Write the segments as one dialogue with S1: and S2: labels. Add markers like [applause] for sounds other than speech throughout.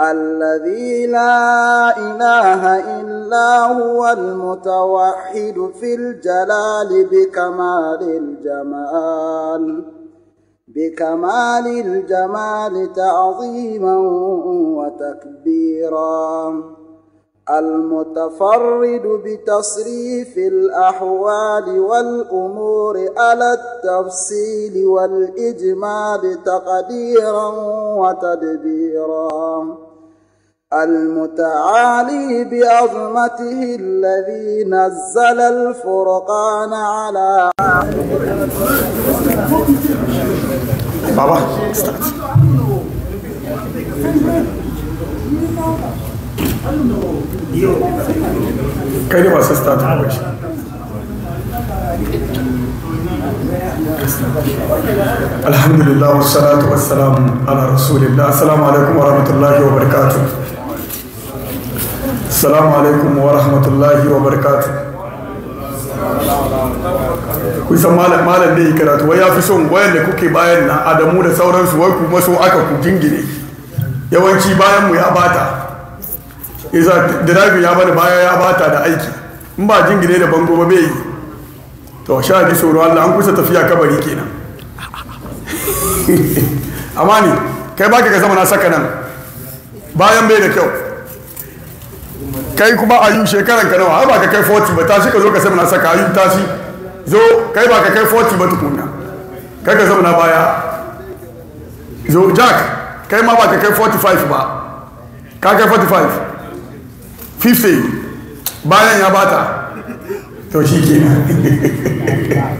S1: الذي لا إله إلا هو المتوحد في الجلال بكمال الجمال بكمال الجمال تعظيما وتكبيرا المتفرد بتصريف الأحوال والأمور على التفصيل والإجمال تقديرا وتدبيرا المتعالي بعظمته الذي نزل الفرقان على بابا كيف استطعت الحمد لله والصلاة والسلام على رسول الله السلام عليكم ورحمة الله وبركاته Assalamu alaikum wa rahmatullahi wa barakatu. san malam malam da yi karatu wai ya fi son wayan da kuke bayan na Adamu da sauransu wai ma so aka ku jingine. Yawanci bayan mu ya bata. Iza eh, dirabin ya bada baya ya bata da aiki. In ba jingine da bango ba bai yi. To sha ji tsoro Allah an kusa tafiya kabari kenan. [laughs] Amani kai baki ka zama na saka nan. Bayan bai da kyau. kai kuma a yi shekaran ka nawa har ba ka kai 40 ba tashi ka zo ka samuna saka ayu tashi zo kai ba ka kai 40 ba tukuna kai ka samuna baya zo jack kai ma ba ka kai 45 ba ka kai 45 50 bayan ya bata to shi ke na ta kenan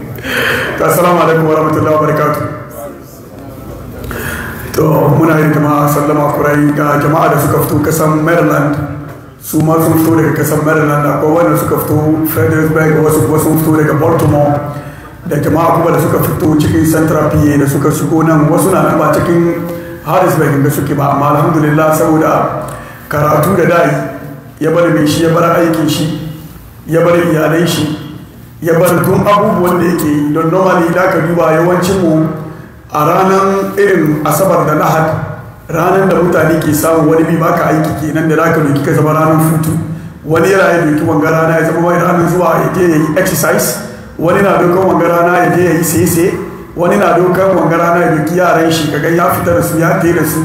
S1: to assalamu alaikum warahmatullahi wabarakatuh to muna yi jama'a sallama kurai ga jama'a da suka fito kasan maryland su ma sun fito daga kasar maryland akwai wanda suka fito fredericksburg wasu kuma sun fito daga baltimore da jama'a kuma da suka fito cikin central pa da suka shigo nan wasu na ba cikin harrisburg da suke ba amma alhamdulillah saboda karatu da dai ya bar mai shi ya bar aikin shi ya bar iyalai shi ya bar tun abubuwan da yake don normally da ka duba yawancin mu a ranar irin asabar da lahadi. ranar da mutane ke samu wani bi baka aiki ke nan da ka doki ka zama ranar hutu wani yana yin doki wanga rana ya zama wani ranar zuwa ya je ya yi exercise wani na dokan wanga rana ya je ya yi sese wani na dokan wanga rana ya doki yaran shi ga ya fita da su ya da su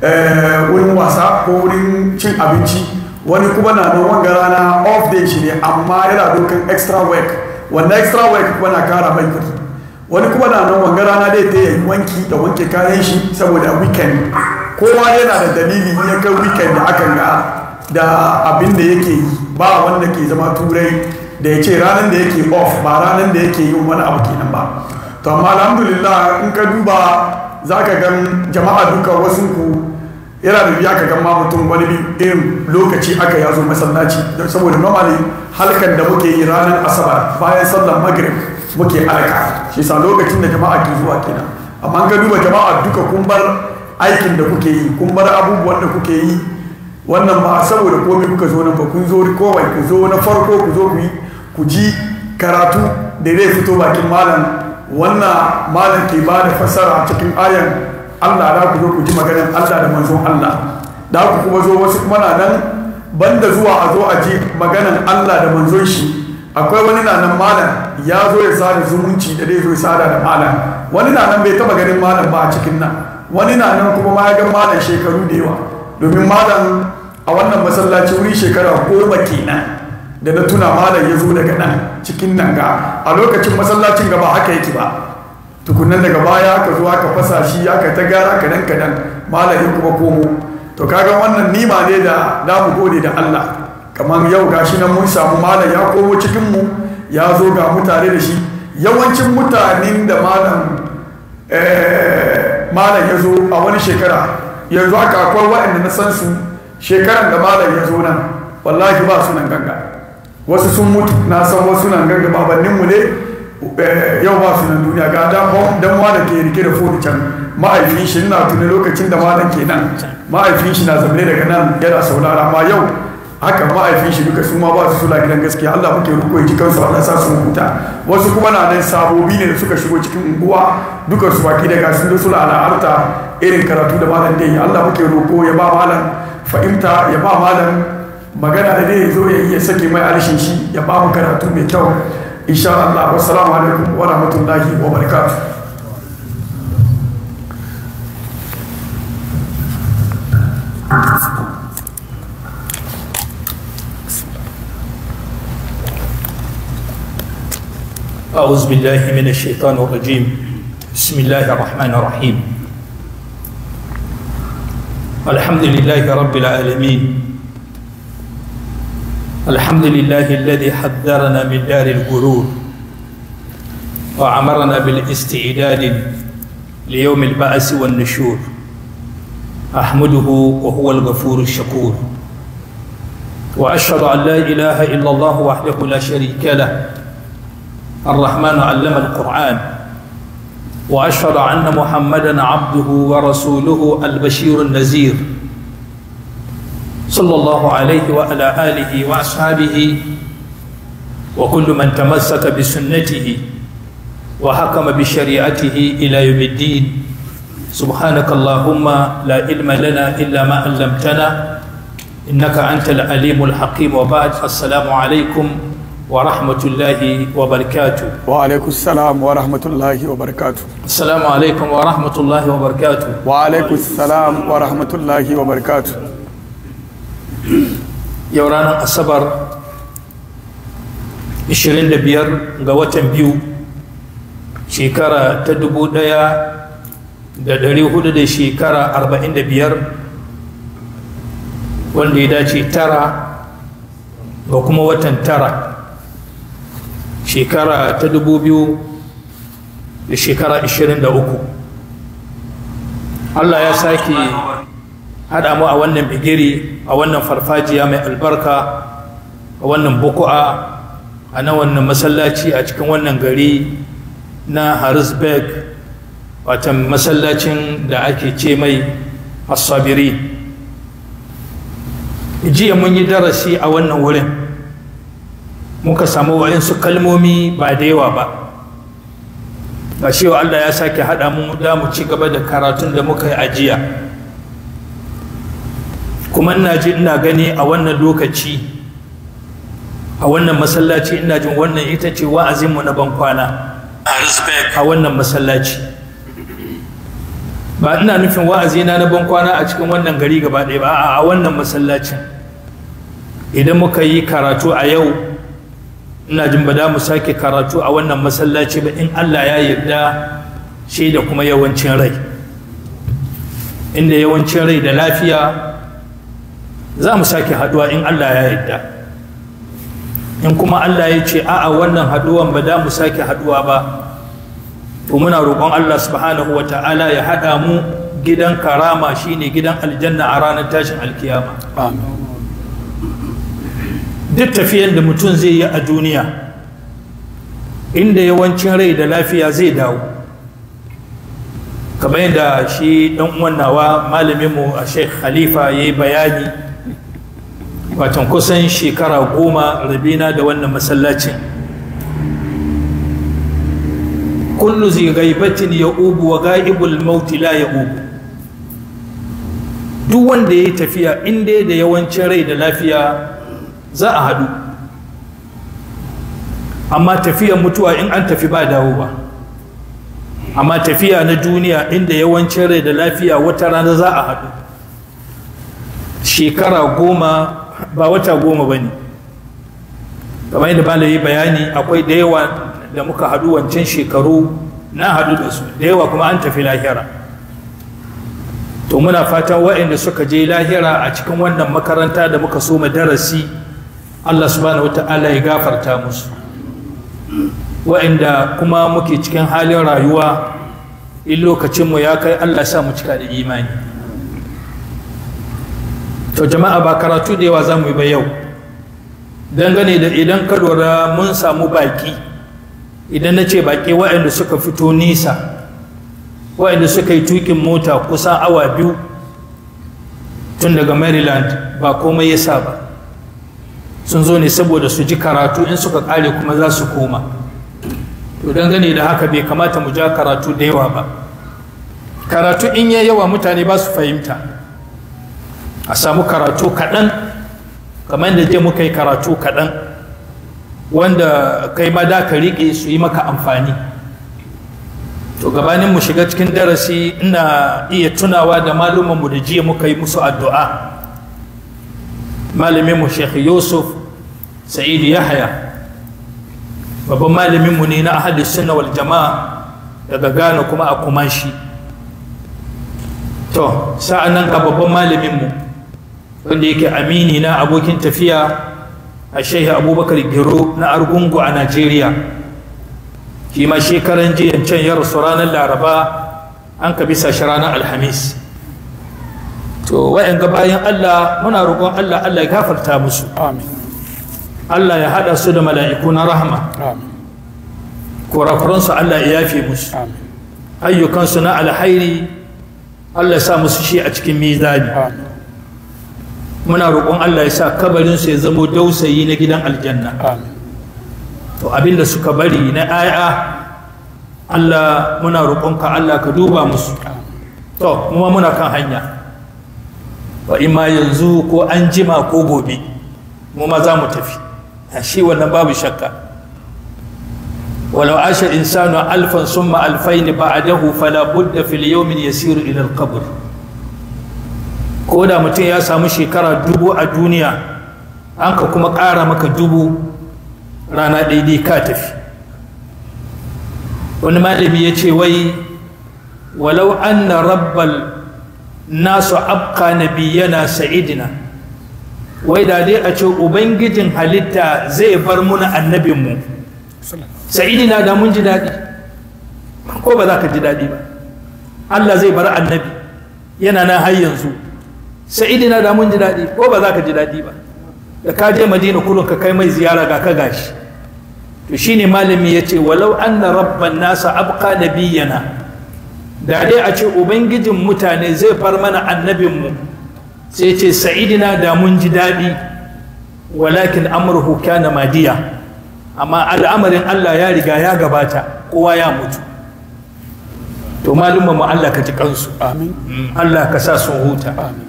S1: eh, wurin wasa ko wurin cin abinci wani kuma na nan wanga rana off day shi ne amma yana dokan extra work wanda extra work kuma na kara mai kuɗi wani kuma na nan wanga rana dai ta yi wanki da wanke kayan shi saboda weekend kowa yana da dalili ya kai weekend da aka ga da abin da yake yi ba wanda ke zama turai da ya ce ranar da yake off ba ranar da yake yi wani abu kenan ba to amma alhamdulillah in ka duba za ka gan jama'a duka wasu ku yana da biya ka gan ma mutum wani irin lokaci aka yazo masallaci saboda normally halkan da muke yi ranar asabar bayan sallar maghrib muke alaka. shi sa lokacin da jama'a ke zuwa kenan amma ga duba jama'a duka kun bar aikin da kuke yi kun bar abubuwan da kuke yi wannan ba saboda komai kuka zo nan ba kun zo kowai ku zo na farko ku zo ku yi ku ji karatu da zai fito bakin malam wannan malam ke ba da fassara cikin ayan Allah da ku zo ku ji maganar Allah da manzon Allah da ku kuma zo wasu kuma na nan banda zuwa a zo a ji maganar Allah da manzon shi akwai wani na nan malam ya zo ya sada zumunci da dai zo ya sada da malam wani na nan bai taba ganin malam ba a cikin nan wani na nan kuma ma ya ga malam shekaru da yawa domin malam a wannan masallaci wuri shekara goma kenan da na tuna malam ya zo daga nan cikin nan ga a lokacin masallacin gaba haka yake ba tukunan daga baya aka zo aka fasa shi aka ta gara kadan kadan malam ya kuma komo to kaga wannan nima ne da za mu gode da Allah kamar yau gashi nan mun samu malam ya komo cikin mu ya zo ga mutane da shi yawancin mutanen da malam eh, malam ya zo a wani shekara yanzu aka akwai waɗanda na san su shekaran da malam ya zo nan wallahi ba su nan ganga wasu sun mutu na san wasu nan ganga babanninmu ne eh, yau ba su nan duniya ga dan da ke rike da fodi can ma'aifin shi na tuni lokacin da malam ke nan ma'aifin shi na zamane daga nan yana saurara ma yau haka ma'aifin shi duka suma ma ba su sula gidan gaskiya Allah muke ruko ji kansu Allah sa su huta wasu kuma na nan sabobi ne da suka shigo cikin unguwa duka su baki daga sun da sula al'arta irin karatu da malam dai Allah muke roko ya ba malam fahimta ya ba malam magana da dai zo ya iya sake mai alshin shi ya ba mu karatu mai kyau insha Allah wassalamu alaikum wa rahmatullahi wa barakatuh
S2: أعوذ بالله من الشيطان الرجيم بسم الله الرحمن الرحيم الحمد لله رب العالمين الحمد لله الذي حذرنا من دار الغرور وعمرنا بالاستعداد ليوم البعث والنشور أحمده وهو الغفور الشكور وأشهد أن لا إله إلا الله وحده لا شريك له الرحمن علم القرآن وأشهد أن محمدا عبده ورسوله البشير النذير صلى الله عليه وعلى آله وأصحابه وكل من تمسك بسنته وحكم بشريعته إلى يوم الدين سبحانك اللهم لا علم لنا إلا ما علمتنا إنك أنت العليم الحكيم وبعد السلام عليكم
S1: wa rahmatullahi wa barakatu wa alaikum salam wa rahmatullahi wa barakatu assalamu alaikum wa rahmatullahi wa barakatu wa alaikum salam wa rahmatullahi wa barakatu
S2: yau ranar asabar 25 ga watan biyu shekara ta dubu ɗaya da dari hudu da shekara arba'in da biyar wanda ya dace tara ga kuma watan tara shekara ta dubu biyu da shekara ishirin da uku allah ya sake haɗa mu a wannan bigiri a wannan farfajiya mai albarka a wannan buku'a a na wannan masallaci a cikin wannan gari na harisberg watan masallacin da ake ce mai asabiri jiya mun yi darasi a wannan wurin muka samu waɗansu kalmomi ba da yawa ba ba wa Allah ya sake haɗa mu da mu ci gaba da karatun da muka yi ajiya kuma ina ji ina gani a wannan lokaci a wannan masallaci ina jin wannan ita ce wa'azinmu na bankwana a wannan masallaci ba ina nufin wa'azina na bankwana a cikin wannan gari gaba ɗaya ba a wannan masallacin idan muka yi karatu a yau ina jin ba da mu sake karatu a wannan masallaci ba in Allah ya yarda shi da kuma yawancin rai inda yawancin rai da lafiya za mu sake haduwa in Allah ya yarda in kuma Allah ya ce a'a wannan haduwan ba da mu sake haduwa ba to muna roƙon Allah subhanahu wa ta'ala ya haɗa mu gidan karama shine gidan aljanna a ranar tashin alkiyama amin duk tafiyan da mutum zai yi a duniya inda yawancin rai da lafiya zai dawo kamar yadda shi dan wannawa malaminmu a sheikh khalifa ya yi bayani watan kusan shekara goma rabina da wannan masallacin kullu zai gaibatin ya ubu wa ga'ibul mauti la ya ubu duk wanda ya yi tafiya inda da yawancin rai da lafiya za a haɗu amma tafiyan mutuwa in an tafi ba dawo ba amma tafiya na duniya inda yawancin rai da lafiya wata rana za a haɗu shekara goma ba wata goma ba ne kamar yadda bala yi bayani akwai da yawa da muka haɗu wancan shekaru na haɗu da su da yawa kuma an tafi lahira to muna fatan waɗanda suka je lahira a cikin wannan makaranta da muka so mu darasi Allah subhanahu ta'ala ya gafarta musu wa'inda kuma muke cikin halin rayuwa in lokacinmu ya kai Allah sa mu cika da imani to jama'a ba karatu da yawa za mu yi ba yau dangane da idan ka lura mun samu baki idan na ce baki wa'inda suka fito nisa wa'inda suka yi tukin mota kusa awa biyu tun daga maryland ba komai ya sa ba sun zo ne saboda su ji karatu in suka kare kuma za su koma to don dangane da haka bai kamata mu ja karatu da yawa ba karatu in ya yawa mutane ba su fahimta a samu karatu kaɗan kamar da je muka yi karatu kaɗan wanda kai ma da ka riƙe su yi maka amfani to gabanin mu shiga cikin darasi ina iya tunawa da malumanmu da jiya muka yi musu addu'a malaminmu sheikh yusuf sa'idu yahya babban malaminmu ne na ahli sunna wal jama'a daga gano kuma a kumashi to sa'an nan ga babban malaminmu wanda yake amini na abokin tafiya a shehi abubakar gero na argungu a najeriya shi ma shekaran jiyan can ya rasu ranar laraba an ka bisa shi ranar alhamis to wayan ga bayan Allah muna roƙon Allah Allah ya gafarta musu amin Allah ya hada su da mala'iku na rahama amin kurakuransu Allah ya yafe musu amin ayyukansu na alhairi Allah ya sa musu shi a cikin mizani amin muna roƙon Allah ya sa kabarinsu ya zamo dausayi na gidan aljanna to abinda suka bari na aya Allah muna ka Allah ka duba musu to kuma muna kan hanya wa ma yanzu ko an jima ko gobe mu ma za mu tafi shi wannan babu shakka walau asha insanu alfan summa alfaini dahu fala budda fil yawmin yasiru ila al ko da mutum ya samu shekara dubu a duniya an ka kuma ƙara maka dubu rana daidai ka tafi wani malami ya ce wai walau anna rabbal nasu abka nabiyana sa'idina wai da dai a ce ubangijin halitta zai bar muna annabinmu sa'idina da mun ji daɗi ko ba za ka ji daɗi ba Allah zai bar annabi yana nan har yanzu sa'idina da mun ji daɗi ko ba za ka ji daɗi ba da ka je madina kullum ka kai mai ziyara ga ka gashi to shine malami ya ce walau anna rabban nasa abqa nabiyana da dai a ce ubangijin mutane zai far mana annabinmu sai ce sa'idina da mun ji daɗi walakin amurhu kana madiya amma al'amarin Allah ya riga ya gabata kowa ya mutu to malumma mu Allah ka ji kansu amin Allah ka sa sun huta amin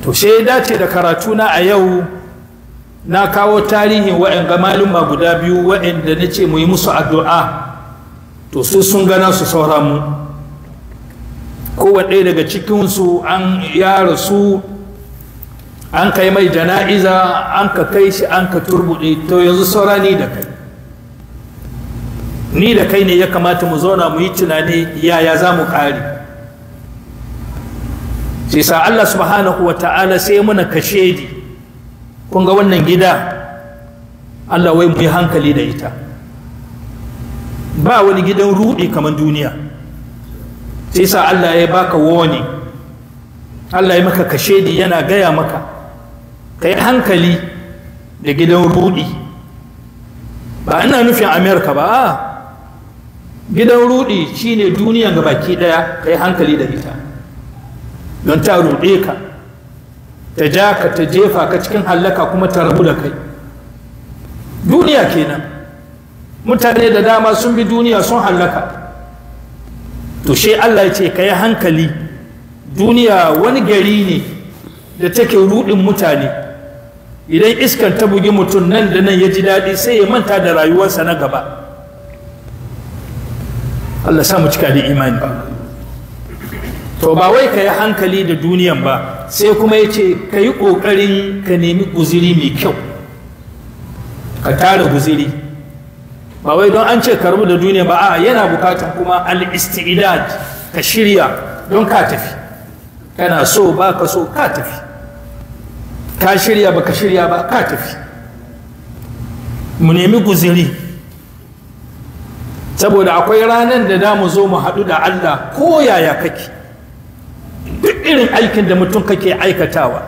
S2: to ya dace da karatuna a yau na kawo tarihin wa'anga malumma guda biyu wa'anda nace mu yi musu addu'a to su sun gana su saura mu kowane ɗaya daga cikinsu an ya rasu an kai mai jana'iza an ka kai shi an ka turbuɗe to yanzu saura ni da kai ni da kai ne ya kamata mu zauna mu yi tunani yaya za mu ƙare sai sa Allah subhanahu wa ta'ala sai muna kashe kun ga wannan gida Allah wai mu yi hankali da ita ba wani gidan ruɗi kamar duniya sai sa Allah ya baka wani Allah ya maka kashedi yana gaya maka ka yi hankali da gidan rudi ba ina nufin amerika ba a gidan rudi shine duniya ga baki daya ka yi hankali da ita don ta ruɗe ka ta ja ka ta jefa ka cikin hallaka kuma ta rabu da kai duniya kenan mutane da dama sun bi duniya sun hallaka to shi Allah ya ce ka yi hankali duniya wani gari ne da take rudin mutane idan iskan ta bugi mutum nan da nan ya ji daɗi sai ya manta da rayuwarsa na gaba Allah sa mu cika da imani to ba wai ka yi hankali da duniyan ba sai kuma ya ce ka yi ƙoƙarin ka nemi guziri mai kyau ka tara guziri ba wai don an ce ka rabu da duniya ba a yana bukatar kuma al-istidad ka shirya don ka tafi kana so ba ka so ka tafi ka shirya ba ka shirya ba ka tafi mu nemi guziri saboda akwai ranar da da mu zo mu haɗu da Allah ko yaya kake duk irin aikin da mutum kake aikatawa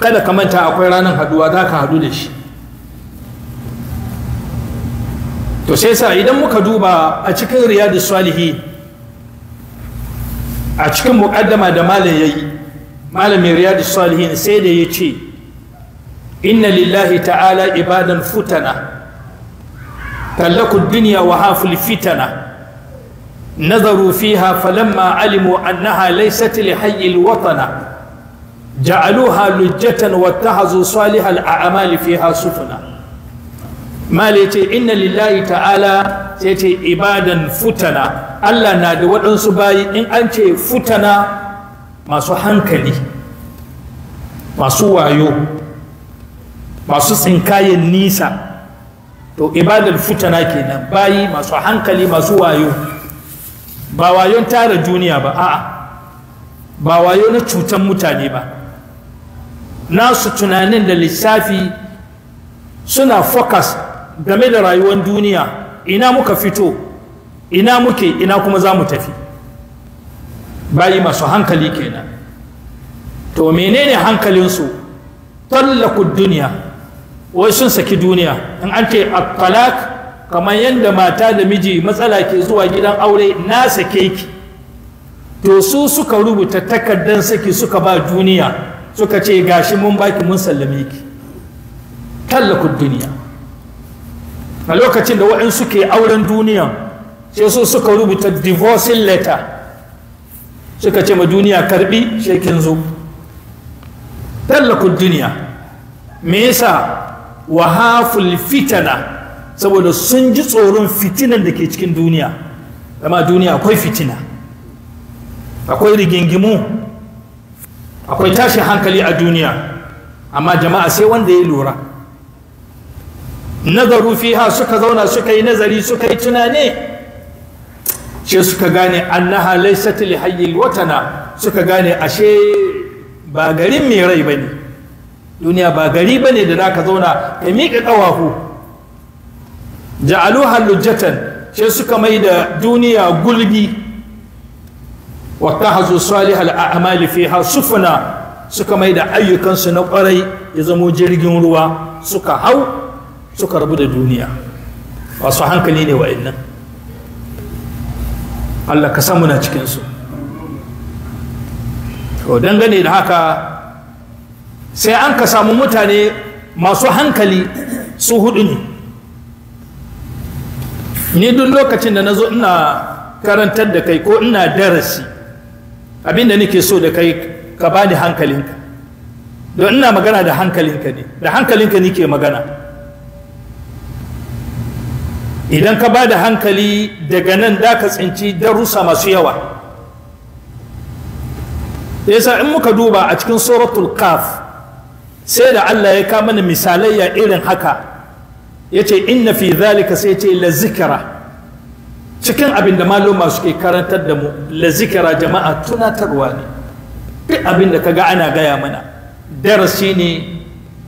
S2: kada ka manta akwai ranar haɗuwa za ka haɗu da shi to sai sa idan muka duba a cikin riyadu salihi a cikin muƙaddama da malam yayi malamin riyadu salihin sai da ya ce inna lillahi ta'ala ibadan futana tallaku duniya wa haful fitana nazaru fiha falamma alimu annaha laysat lihayyil watana ja'aluha lujjatan wattahazu salihal a'mali fiha sufna mali ya ce inna lillahi ta'ala sai ce ibadan futana Allah na da waɗansu bayi in an ce futana masu hankali masu wayo masu tsinkayen nisa to ibadan futana kenan bayi masu hankali masu wayo ba wayon tara duniya ba a'a ba wayo na cutan mutane ba nasu tunanin da lissafi suna focus game da rayuwar duniya ina muka fito ina muke ina kuma za mu tafi bayi masu hankali kenan to menene hankalinsu tallaku duniya wai sun saki duniya in an ce at kamar yadda mata da miji matsala ke zuwa gidan aure na sake ki to su suka rubuta takardar saki suka ba duniya suka ce gashi mun baki mun sallame ki tallaku duniya a lokacin da wa'in suke auren duniya sai su suka rubuta divorcing letter suka ce ma duniya karbi shekin zo tallakun duniya me yasa haful fitana saboda sun ji tsoron fitinan da ke cikin duniya dama duniya akwai fitina akwai rigingimu akwai tashin hankali a duniya amma jama'a sai wanda ya lura nazaru fiha suka zauna suka yi nazari suka yi tunani ce suka gane annaha laysat hayyil watana suka gane ashe ba garin mai rai bane duniya ba gari bane da zaka zauna ka miƙa ƙawahu ja'alu lujjatan she suka mai da duniya gulbi wa tahazu salihal a'mali fiha sufuna suka mai da ayyukansu na ƙwarai ya zamo jirgin ruwa suka hau suka rabu da duniya wasu hankali ne wa wa'annan Allah ka samu na cikinsu to dangane da haka sai an ka samu mutane masu hankali su hudu ne ni duk lokacin da na zo ina karantar da kai ko ina darasi abinda nake so da kai ka bani hankalinka don ina magana da hankalinka ne da hankalinka nike magana idan ka ba da hankali daga nan da ka tsinci darussa masu yawa Ya sa in muka duba a cikin suratul kaf sai da Allah ya kama mana ya irin haka ya ce inna fi zalika sai ce la zikira cikin abin da masu ke karantar da mu la zikira jama'a tunatarwa ne duk abin da kaga ana gaya mana darasi ne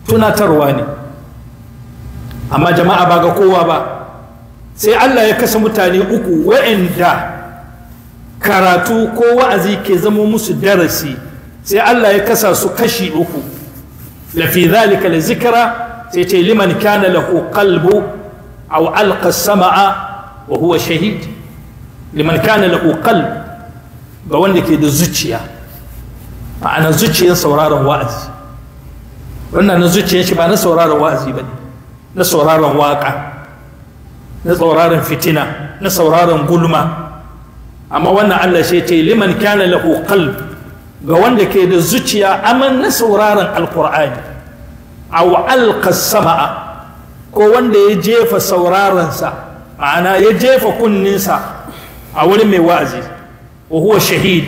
S2: tunatarwa ne amma jama'a ba ga kowa ba sai Allah ya kasa mutane uku wa'anda karatu ko wa'azi ke zama musu darasi sai Allah ya kasa su kashi uku la fi zalika la zikra sai ce liman kana lahu qalbu aw alqa samaa wa huwa shahid liman kana lahu qalb ga wanda ke da zuciya ma'ana zuciyar sauraron wa'azi wannan na zuciyar shi ba na sauraron wa'azi ba na sauraron waƙa na sauraron fitina na sauraron gulma amma wannan Allah shi ce liman kyana lahu qalb ga wanda ke da zuciya amma na sauraron alqur'ani a wa samaa ko wanda ya jefa sauraransa, sa ma'ana ya jefa kunninsa a wurin mai wa'azi wa huwa shahid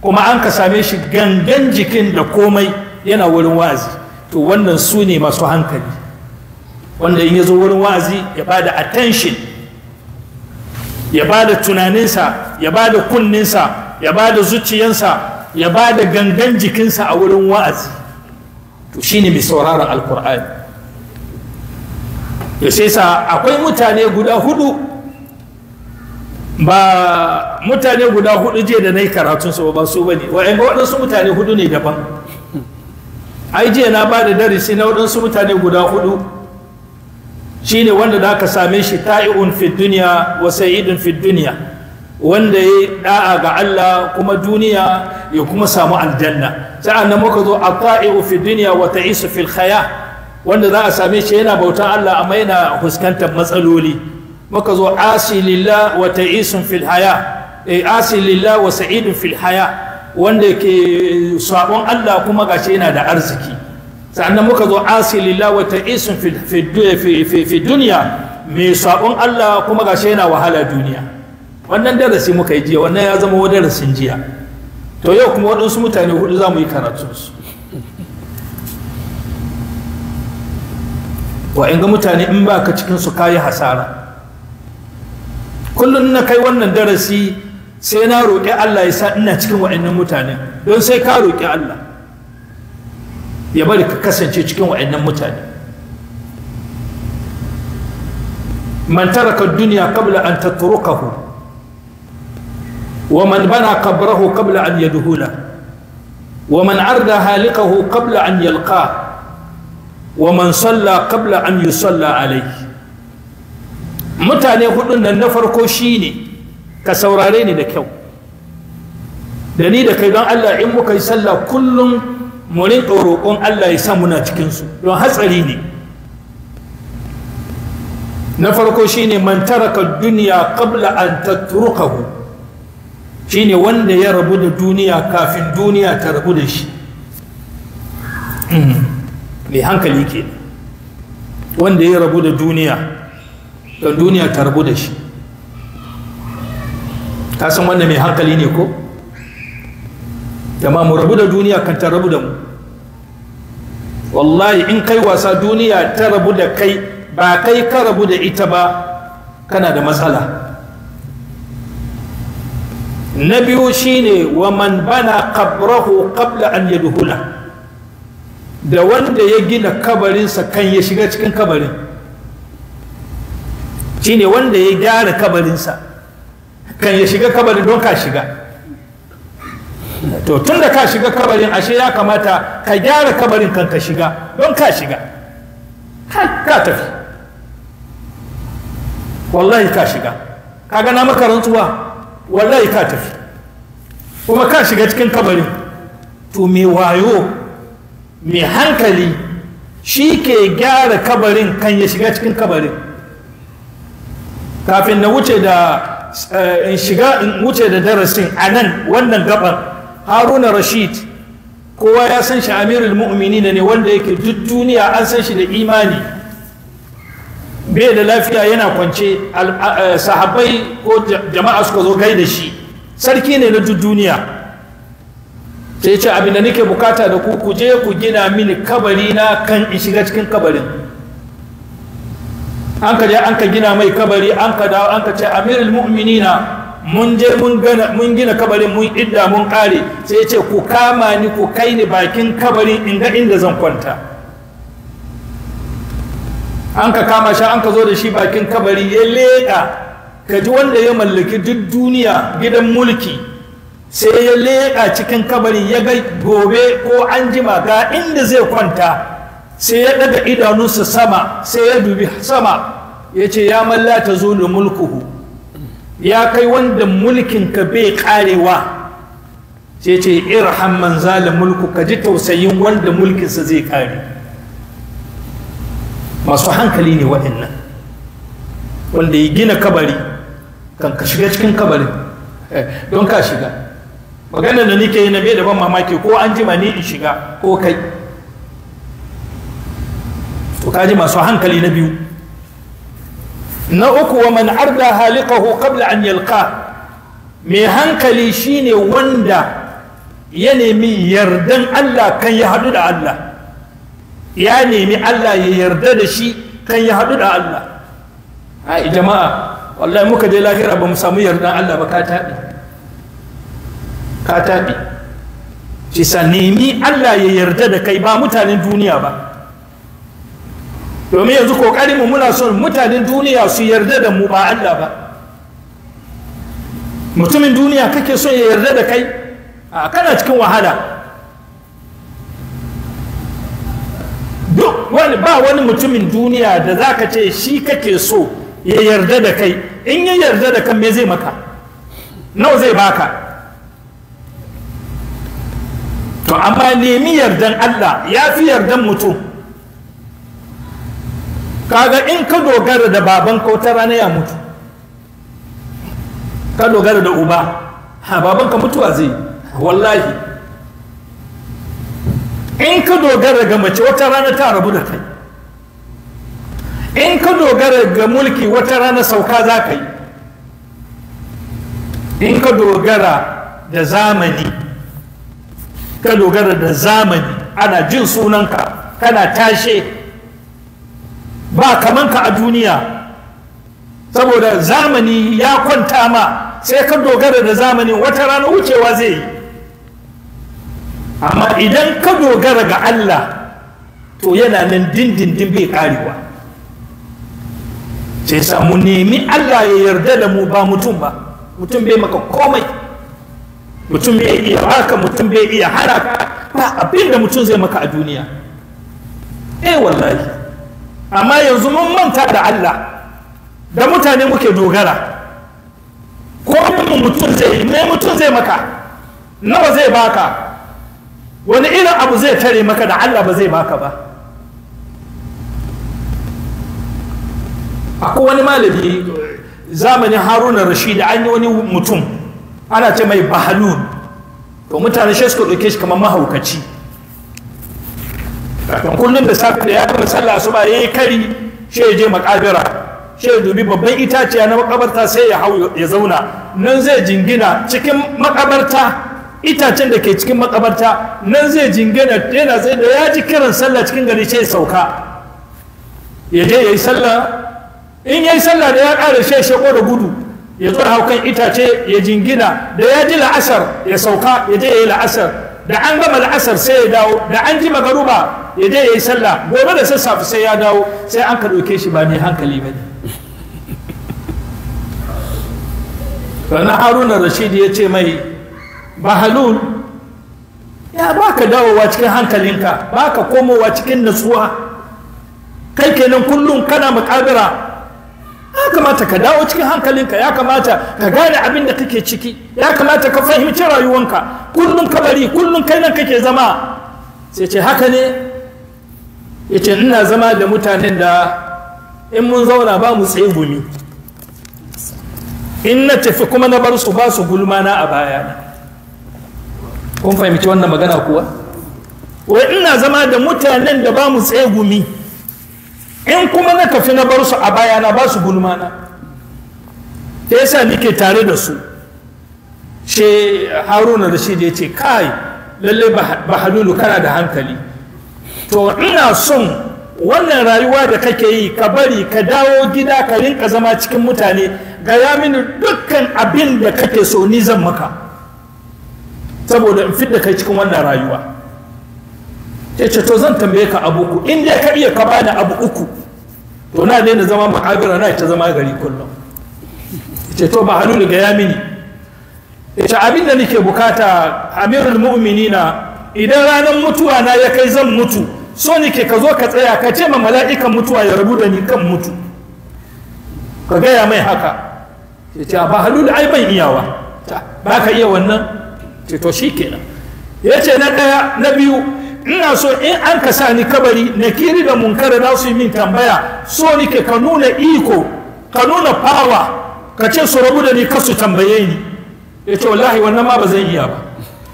S2: kuma an ka same shi gangan jikin da komai yana wurin wa'azi to wannan su ne masu hankali wanda in ya zo wurin wa'azi ya ba da attention ya ba da tunaninsa ya ba da kunninsa ya ba da zuciyansa ya ba da gangan jikinsa a wurin wa'azi to ne mai sauraron alkur'ani ya sai sa akwai mutane guda hudu ba mutane guda hudu je da na yi karatunsa ba su ba ne waɗansu mutane hudu ne daban ai je na ba da darasi na waɗansu mutane guda hudu shine wanda da aka same shi ta'i'un fi duniya wa sa'idun fi duniya wanda ya da'a ga Allah kuma duniya ya kuma samu aljanna sa'an nan muka zo a ta'i'u fi duniya wa ta'isu fil khaya wanda za a same shi yana bauta Allah amma yana fuskantar matsaloli muka zo asi lillah wa ta'isun fil haya eh, asi lillah wa sa'idun fil haya wanda ke sabon Allah kuma gashi yana da arziki sannan muka zo asilillah wa ta'isun fi duniya mai sabon Allah kuma shi yana wahala duniya wannan darasi muka yi jiya wannan ya zama wani darasin jiya to yau kuma waɗansu mutane hudu za mu yi karatunsu in ga mutane in ba ka cikinsu ka yi hasara kullum na kai wannan darasi sai na roƙi Allah ya sa ina cikin wa'annan mutane don sai ka roƙi Allah ya bari ka kasance cikin wa'annan mutane man taraka ad-dunya qabla an tatrukahu wa man bana qabrahu qabla an yadkhula wa man arda halikahu qabla an yalqa wa man salla qabla an yusalla alayhi mutane hudun nan na farko shine ka saurare ni da kyau da ni da kai dan Allah in muka yi sallah kullum Murin riƙa roƙon Allah ya sa muna cikinsu don hatsari ne na farko shine man taraka duniya qabla an tatrukahu shine wanda ya rabu da duniya kafin duniya ta rabu da shi hmm. mai hankali ke wanda ya rabu da duniya don duniya ta rabu da shi ka san wanda mai hankali ne ko jama'a mu rabu da duniya kan ta rabu da mu wallahi in kai wasa duniya ta rabu da kai ba kai ka rabu da ita ba kana da matsala na biyu shi ne wa man bana kabrahu kabla an yaduhula da wanda ya gina kabarinsa kan ya shiga cikin kabarin Shi ne wanda ya gyara kabarinsa kan ya shiga kabarin don ka shiga to tun da ka shiga kabarin ashe ya kamata ka gyara kabarin kan ka shiga don ka shiga ka tafi wallahi ka shiga ka gana maka rantsuwa wallahi ka tafi kuma ka shiga cikin kabarin to mai wayo mai hankali shi ke gyara kabarin kan ya shiga cikin kabarin kafin na wuce da eh, in shiga in wuce da darasin a nan wannan gabar haruna rashid kowa ya san shi amirul mu'mini ne wanda yake duk duniya an san shi da imani bai da lafiya yana kwance sahabbai ko jama'a suka zo kai da shi sarki ne na duk duniya sai ce abin da nake bukata da ku ku je ku gina mini kabari na kan in shiga cikin kabarin an ka an ka gina mai kabari an ka dawo an ka ce amirul mu'minina mun je mun gina kabarin mun idda mun kare sai ce ku kama ni ku kai ni bakin kabarin inda inda zan kwanta an ka kama shi an ka zo da shi bakin kabari ya leƙa ka ji wanda ya mallaki duk duniya gidan mulki sai ya leƙa cikin kabari ya ga gobe ko an jima ga inda zai kwanta sai ya ɗaga idanunsa sama sai ya dubi sama ya ce ya mallata zo da mulkuhu ya kai wanda mulkin ka bai karewa sai ce irhan man zala mulku ka ji tausayin wanda mulkinsa zai kare masu hankali ne waɗannan wanda ya gina kabari kan ka shiga cikin kabarin eh, don ka shiga magana da nike yi na bai daban mamaki ko an jima ni in shiga ko kai to ka ji masu hankali na biyu na uku wa man arda haliqahu qabla an yalqa mai hankali shine wanda ya nemi yardan Allah kan ya haɗu da Allah ya nemi Allah ya yarda da shi kan ya haɗu da Allah ai jama'a wallahi muka je lahira ba mu samu yardan Allah ba ka taɓi ka taɓi shi sa nemi Allah ya yarda da kai ba mutanen duniya ba domin yanzu kokarinmu muna son mutanen duniya su yarda da mu ba Allah ba mutumin duniya kake so ya yarda da kai a kana cikin wahala duk wani ba wani mutumin duniya da za ka ce shi kake so ya yarda da kai in ya yarda da kan me zai maka nawa zai baka to amma nemi yardan Allah ya fi yardan mutum kaga in ka dogara da baban ka wata rana ya mutu ka dogara da uba ha baban ka mutuwa zai wallahi in ka dogara ga mace wata rana ta rabu da kai in ka dogara ga mulki wata rana sauka za ka yi in ka dogara da zamani ka dogara da zamani ana jin sunanka kana tashe ba kaman ka a duniya saboda zamani ya kwanta ma sai ka dogara da zamani wata rana wucewa zai yi amma idan ka dogara ga Allah to yana nan dindindin bai karewa sai samu nemi Allah ya yarda da mu ba mutum ba mutum bai maka komai mutum bai iya haka mutum bai iya haraka ba abinda mutum zai maka a duniya eh wallahi amma yanzu mun manta da Allah da mutane muke dogara ko mutum zai me mutum zai maka nawa zai baka wani irin abu zai tare maka da Allah ba zai baka ba akwai wani malami zamani haruna rashid an yi wani mutum ana ce mai bahalun to mutane shi suka ɗauke shi kamar mahaukaci kafin kullum da safe da ya gama sallah asuba yayi kari shi ya je makabira shi dubi babban itaciya na makabarta sai ya hau ya zauna nan zai jingina cikin makabarta itacen da ke cikin makabarta nan zai jingina yana sai da ya ji kiran sallah cikin gari sai sauka ya je yayi sallah in yayi sallah da ya ƙara she ko da gudu ya zo hau kan itace ya jingina da ya ji la'asar ya sauka ya je yayi la'asar da an gama la'asar sai ya dawo da an ji ba ya je ya yi sallah gobe da sassafe sai ya dawo sai an ka ɗauke shi ba mai hankali ba ne Rana haruna rashid ya ce mai bahalul ya ba ka dawowa cikin hankalinka ba ka komowa cikin nasuwa kai kenan kullum kana mukabira ya kamata ka dawo cikin hankalinka ya kamata ka gane abin da kake ciki ya kamata ka fahimci rayuwanka kullum kabari kullum kai nan kake zama sai ce haka ne ya ce ina zama da mutanen da in mun zauna ba mu tsaye gumi in na tafi kuma na bar su ba su gulma na a baya kun fahimci wannan magana kuwa wai ina zama da mutanen da ba mu tsaye gumi in kuma na tafi na bar su a baya na ba su gulma na ya yasa nike tare da su she haruna shi ya ce kai lalle bahalulu kana da hankali to ina son wannan rayuwa da kake yi ka bari ka dawo gida ka rinka zama cikin mutane gaya mini dukkan abin da kake so ni zan maka saboda in da kai cikin wannan rayuwa ya ce to zan tambaye ka abu uku in dai ka iya ka bani abu uku to na daina zama ma'abira na ta zama gari kullum ya ce to ba hannu daga ya mini ya ce abin da nake bukata amirul mu'minina idan ranar mutuwa na ya kai zan mutu so nake ka zo ka tsaya ka ce ma mala'ikan mutuwa ya rabu da ni kan mutu ka gaya mai haka ya ce ba hannu ai ban iyawa ba ka iya wannan ce to shi kenan ya ce na ɗaya na biyu ina so in an ka sa ni kabari na kiri da munkar za su yi min tambaya so nike ka nuna iko ka nuna fawa ka ce su rabu da ni kar su tambaye ni ya ce wallahi wannan ma ba zan iya ba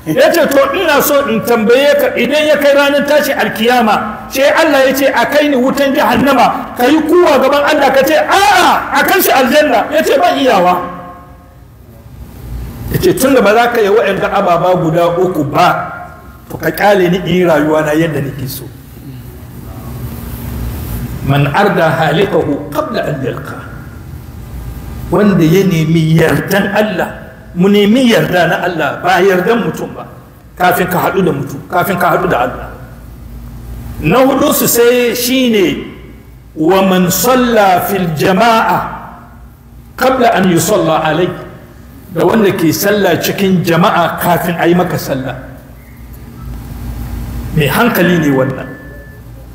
S2: ya ce to ina so in tambaye ka idan ya kai ranar tashi alkiyama ce Allah ya ce a kai ni wutan jahannama ka yi kuwa gaban Allah ka ce a'a a kan shi aljanna ya ce ban iyawa ya ce tun da ba za ka yi wa'yan ababa guda uku ba to ka kyale ni in rayuwa na yadda nake so man arda halikahu qabla an yalqa wanda ya nemi yardan Allah mu nemi yarda na Allah ba yardan mutum ba kafin ka haɗu da mutum kafin ka haɗu da Allah na hudu su sai shine wa man salla fil jama'a qabla an yusalla alai da wanda ke sallah cikin jama'a kafin a yi maka sallah mai hankali ne wannan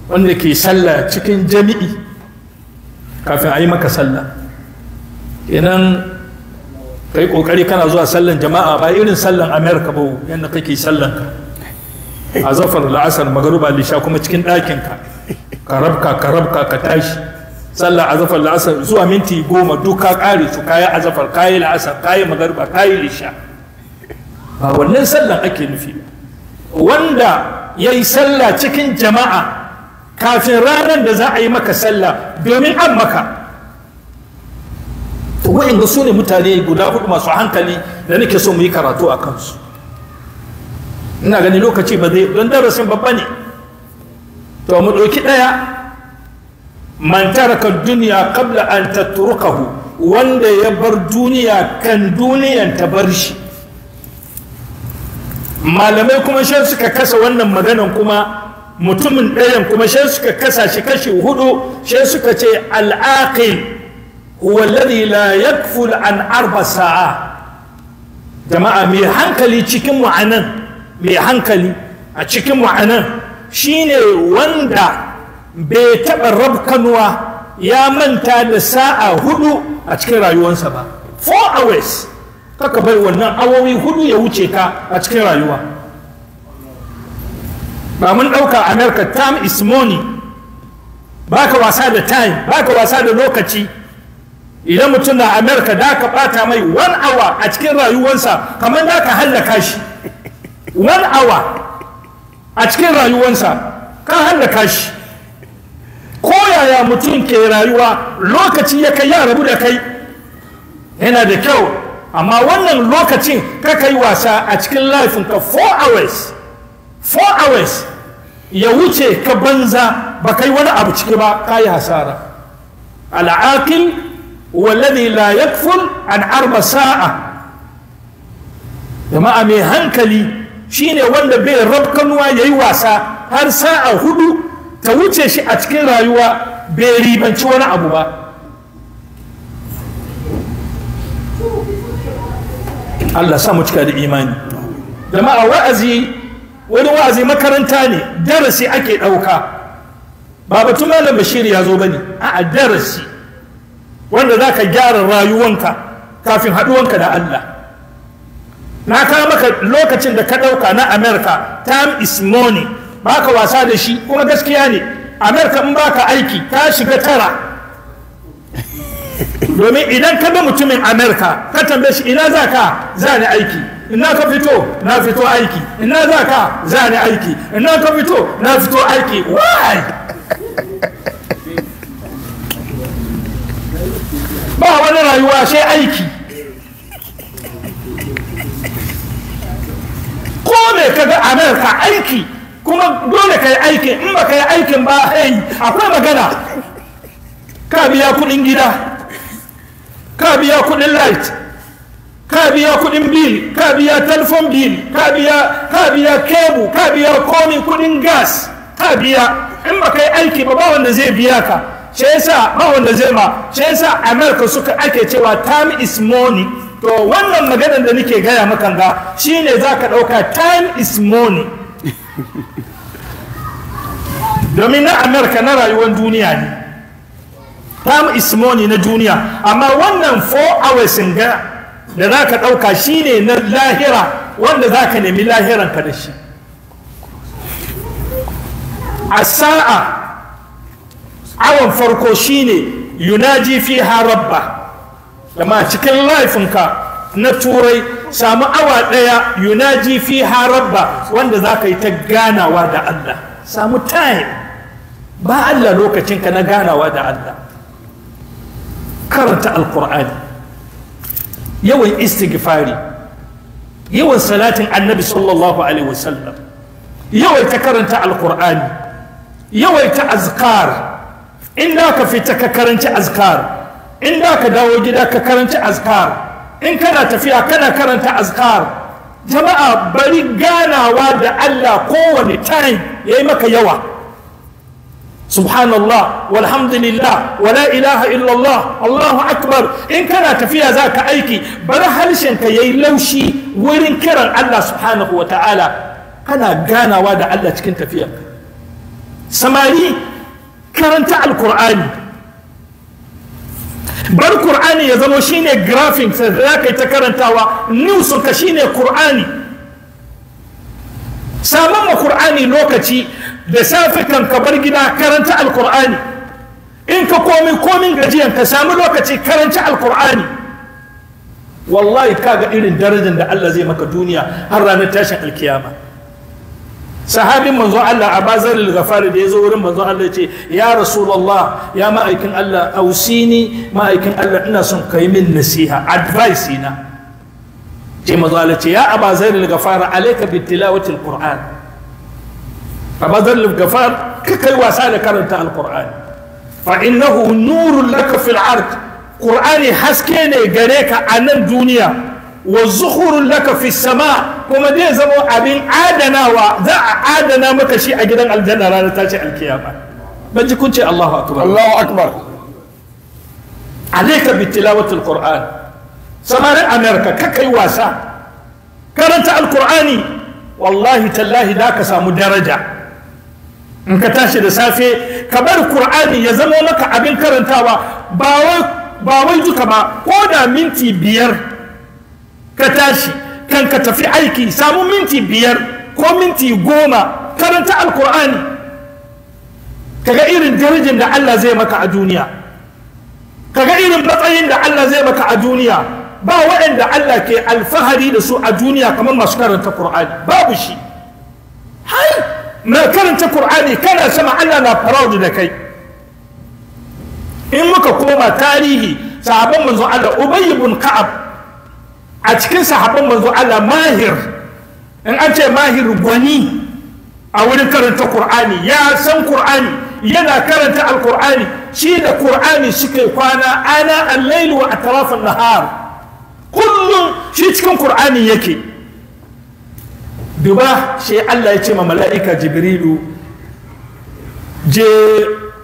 S2: wanda ke sallah cikin jami'i kafin a yi maka sallah idan kai kokari kana zuwa sallan jama'a ba irin sallan amerika ba yadda kake sallan ka a zafar la'asar magaruba lisha kuma cikin ɗakinka. ka rabka ka rabka ka tashi sallar azafar la'asar zuwa minti goma duka ƙare su kayi azafar kayi la'asar kayi magarba kayi lisha ba wannan sallan ake nufi ba wanda ya yi sallah cikin jama'a kafin ranar da za a yi maka sallah domin an maka wa'in ga su ne mutane guda hudu masu hankali da nake so mu yi karatu a kansu ina gani lokaci ba zai don darasin babba ne to mu ɗauki ɗaya man taraka duniya kabla an tatturukahu wanda ya bar duniya kan duniyan ta bar shi malamai kuma shan suka kasa wannan maganan kuma mutumin ɗayan kuma shan suka kasa shi kashi hudu shan suka ce al'aqil huwa alladhi la yakful an arba sa'a jama'a mai hankali cikin mu'anan mai hankali a cikin ma'anan shine wanda bai taɓa rabkanuwa ya manta da sa'a hudu a cikin rayuwarsa ba Four hours kaka bai wannan awowi hudu ya wuce ka a cikin rayuwa ba mun ɗauka america time is money ba ka wasa da time ba ka wasa da lokaci idan mutum na america da ka bata mai one hour a cikin rayuwansa kamar da ka hallaka shi one hour a cikin rayuwansa ka hallaka shi ko yaya mutum ke rayuwa lokaci ya kai ya rabu da kai yana da kyau amma wannan lokacin ka yi wasa a cikin laifin ka 4 hours 4 hours ya wuce ka banza ba kai wani abu ciki ba ka yi hasara al'aqil wallazi la yakful an arba sa'a jama'a mai hankali shine wanda bai rabkanuwa yayi wasa har sa'a hudu ta wuce shi a cikin rayuwa bai ribanci wani abu ba Allah sa cika da imani jama'a wa'azi wani wa'azi makaranta ne darasi ake ɗauka ba batun malam bashir ya zo bane a darasi wanda za ka gyara rayuwanka kafin haɗuwanka da Allah na kawo maka lokacin da ka ɗauka na america time is money ba ka wasa da shi kuma gaskiya ne america in ba ka aiki ka shiga tara domin idan ka ga mutumin amerika ka tambaye shi ina za ka za ni aiki ina ka fito na fito aiki ina za ka za ni aiki ina ka fito na fito aiki why ba wani rayuwa sai aiki ko me ka ga amerika aiki kuma dole ka yi aiki in ba ka yi aikin ba hey akwai magana ka biya kudin gida ka biya kuɗin light ka biya kuɗin bill ka biya telephone bill ka biya ka biya kebu ka biya komi kuɗin gas ka biya in ba kai aiki ba ba wanda zai biya ka shi yasa ba wanda zai ma shi yasa america suka ake cewa time is money to wannan maganar da nake gaya maka ga shine zaka ɗauka time is money [laughs] domin na america na rayuwar duniya ne fam is money na duniya amma wannan 4 hours ga da za ka ɗauka shi ne na lahira wanda za ka nemi lahiranka da shi a sa'a awon farko shi ne yunaji fi harabba dama cikin laifinka na turai samu awa ɗaya yunaji fi harabba wanda za ka yi ta ganawa da allah samu time ba allah lokacinka na ganawa da allah karanta alkur'ani yawan istighfari yawan salatin annabi sallallahu alaihi wasallam yawaita karanta alkur'ani yawaita azkar in da ka fita ka karanci azkar in da ka dawo gida ka karanci azkar in kana tafiya kana karanta azkar jama'a bari ganawa da allah kowane time ya yi maka yawa subhanallah walhamdulillah wala ilaha illallah allahu akbar in kana tafiya za ka aiki bari harshenka ya yi laushi wurin kiran allah subhanahu wa ta'ala kana ganawa da allah cikin tafiya samari karanta alkur'ani bar kur'ani ya zama shine graphics da za ka yi ta karantawa newsunka shine kur'ani samun ma kur'ani lokaci da safe kan ka bar gida karanta alkur'ani in ka komin komin gajiyan ka samu lokaci karanta alkur'ani wallahi kaga irin darajar da Allah zai maka duniya har ranar tashin alkiyama sahabin manzon Allah Abazar al-Ghafari da ya zo wurin manzon Allah ya ce ya Rasulullah ya ma'aikin Allah ausini ma'aikin Allah ina son kai min nasiha advice na ce manzon Allah ce ya Abazar al alayka bi quran a zan gafar ka kai wasa da karanta alkur'ani fa innahu nurun laka fil ard qur'ani haske ne gare ka a nan duniya wa zuhurun laka fi sama kuma zai zama abin adanawa za a adana maka shi a gidan aljanna ranar tashi alkiyama ban ji kun ce Allahu akbar Allahu akbar alayka bi tilawatil qur'an samarin america ka kai wasa karanta alkur'ani wallahi tallahi da ka samu daraja in ka tashi da safe ka bar qur'ani ya zama maka abin karantawa ba wai ba wai duka ba ko da minti biyar ka tashi kan ka tafi aiki samu minti biyar ko minti goma karanta alkur'ani kaga irin darajar da Allah zai maka a duniya kaga irin matsayin da Allah zai maka a duniya ba waɗanda Allah ke alfahari da su a duniya kamar masu karanta Qur'ani babu shi hai na karanta Kur'ani kana sama Allah na proud da kai in muka koma tarihi sahabban manzo Allah Ubay ibn Ka'ab a cikin sahabban manzo Allah mahir in an ce mahir gwani a wurin karanta Kur'ani ya san Kur'ani yana karanta alkur'ani shi da kur'ani suke kwana ana allailu wa atrafin nahar kullum shi cikin kur'ani yake duba shi Allah ya ce ma mala'ika jibrilu je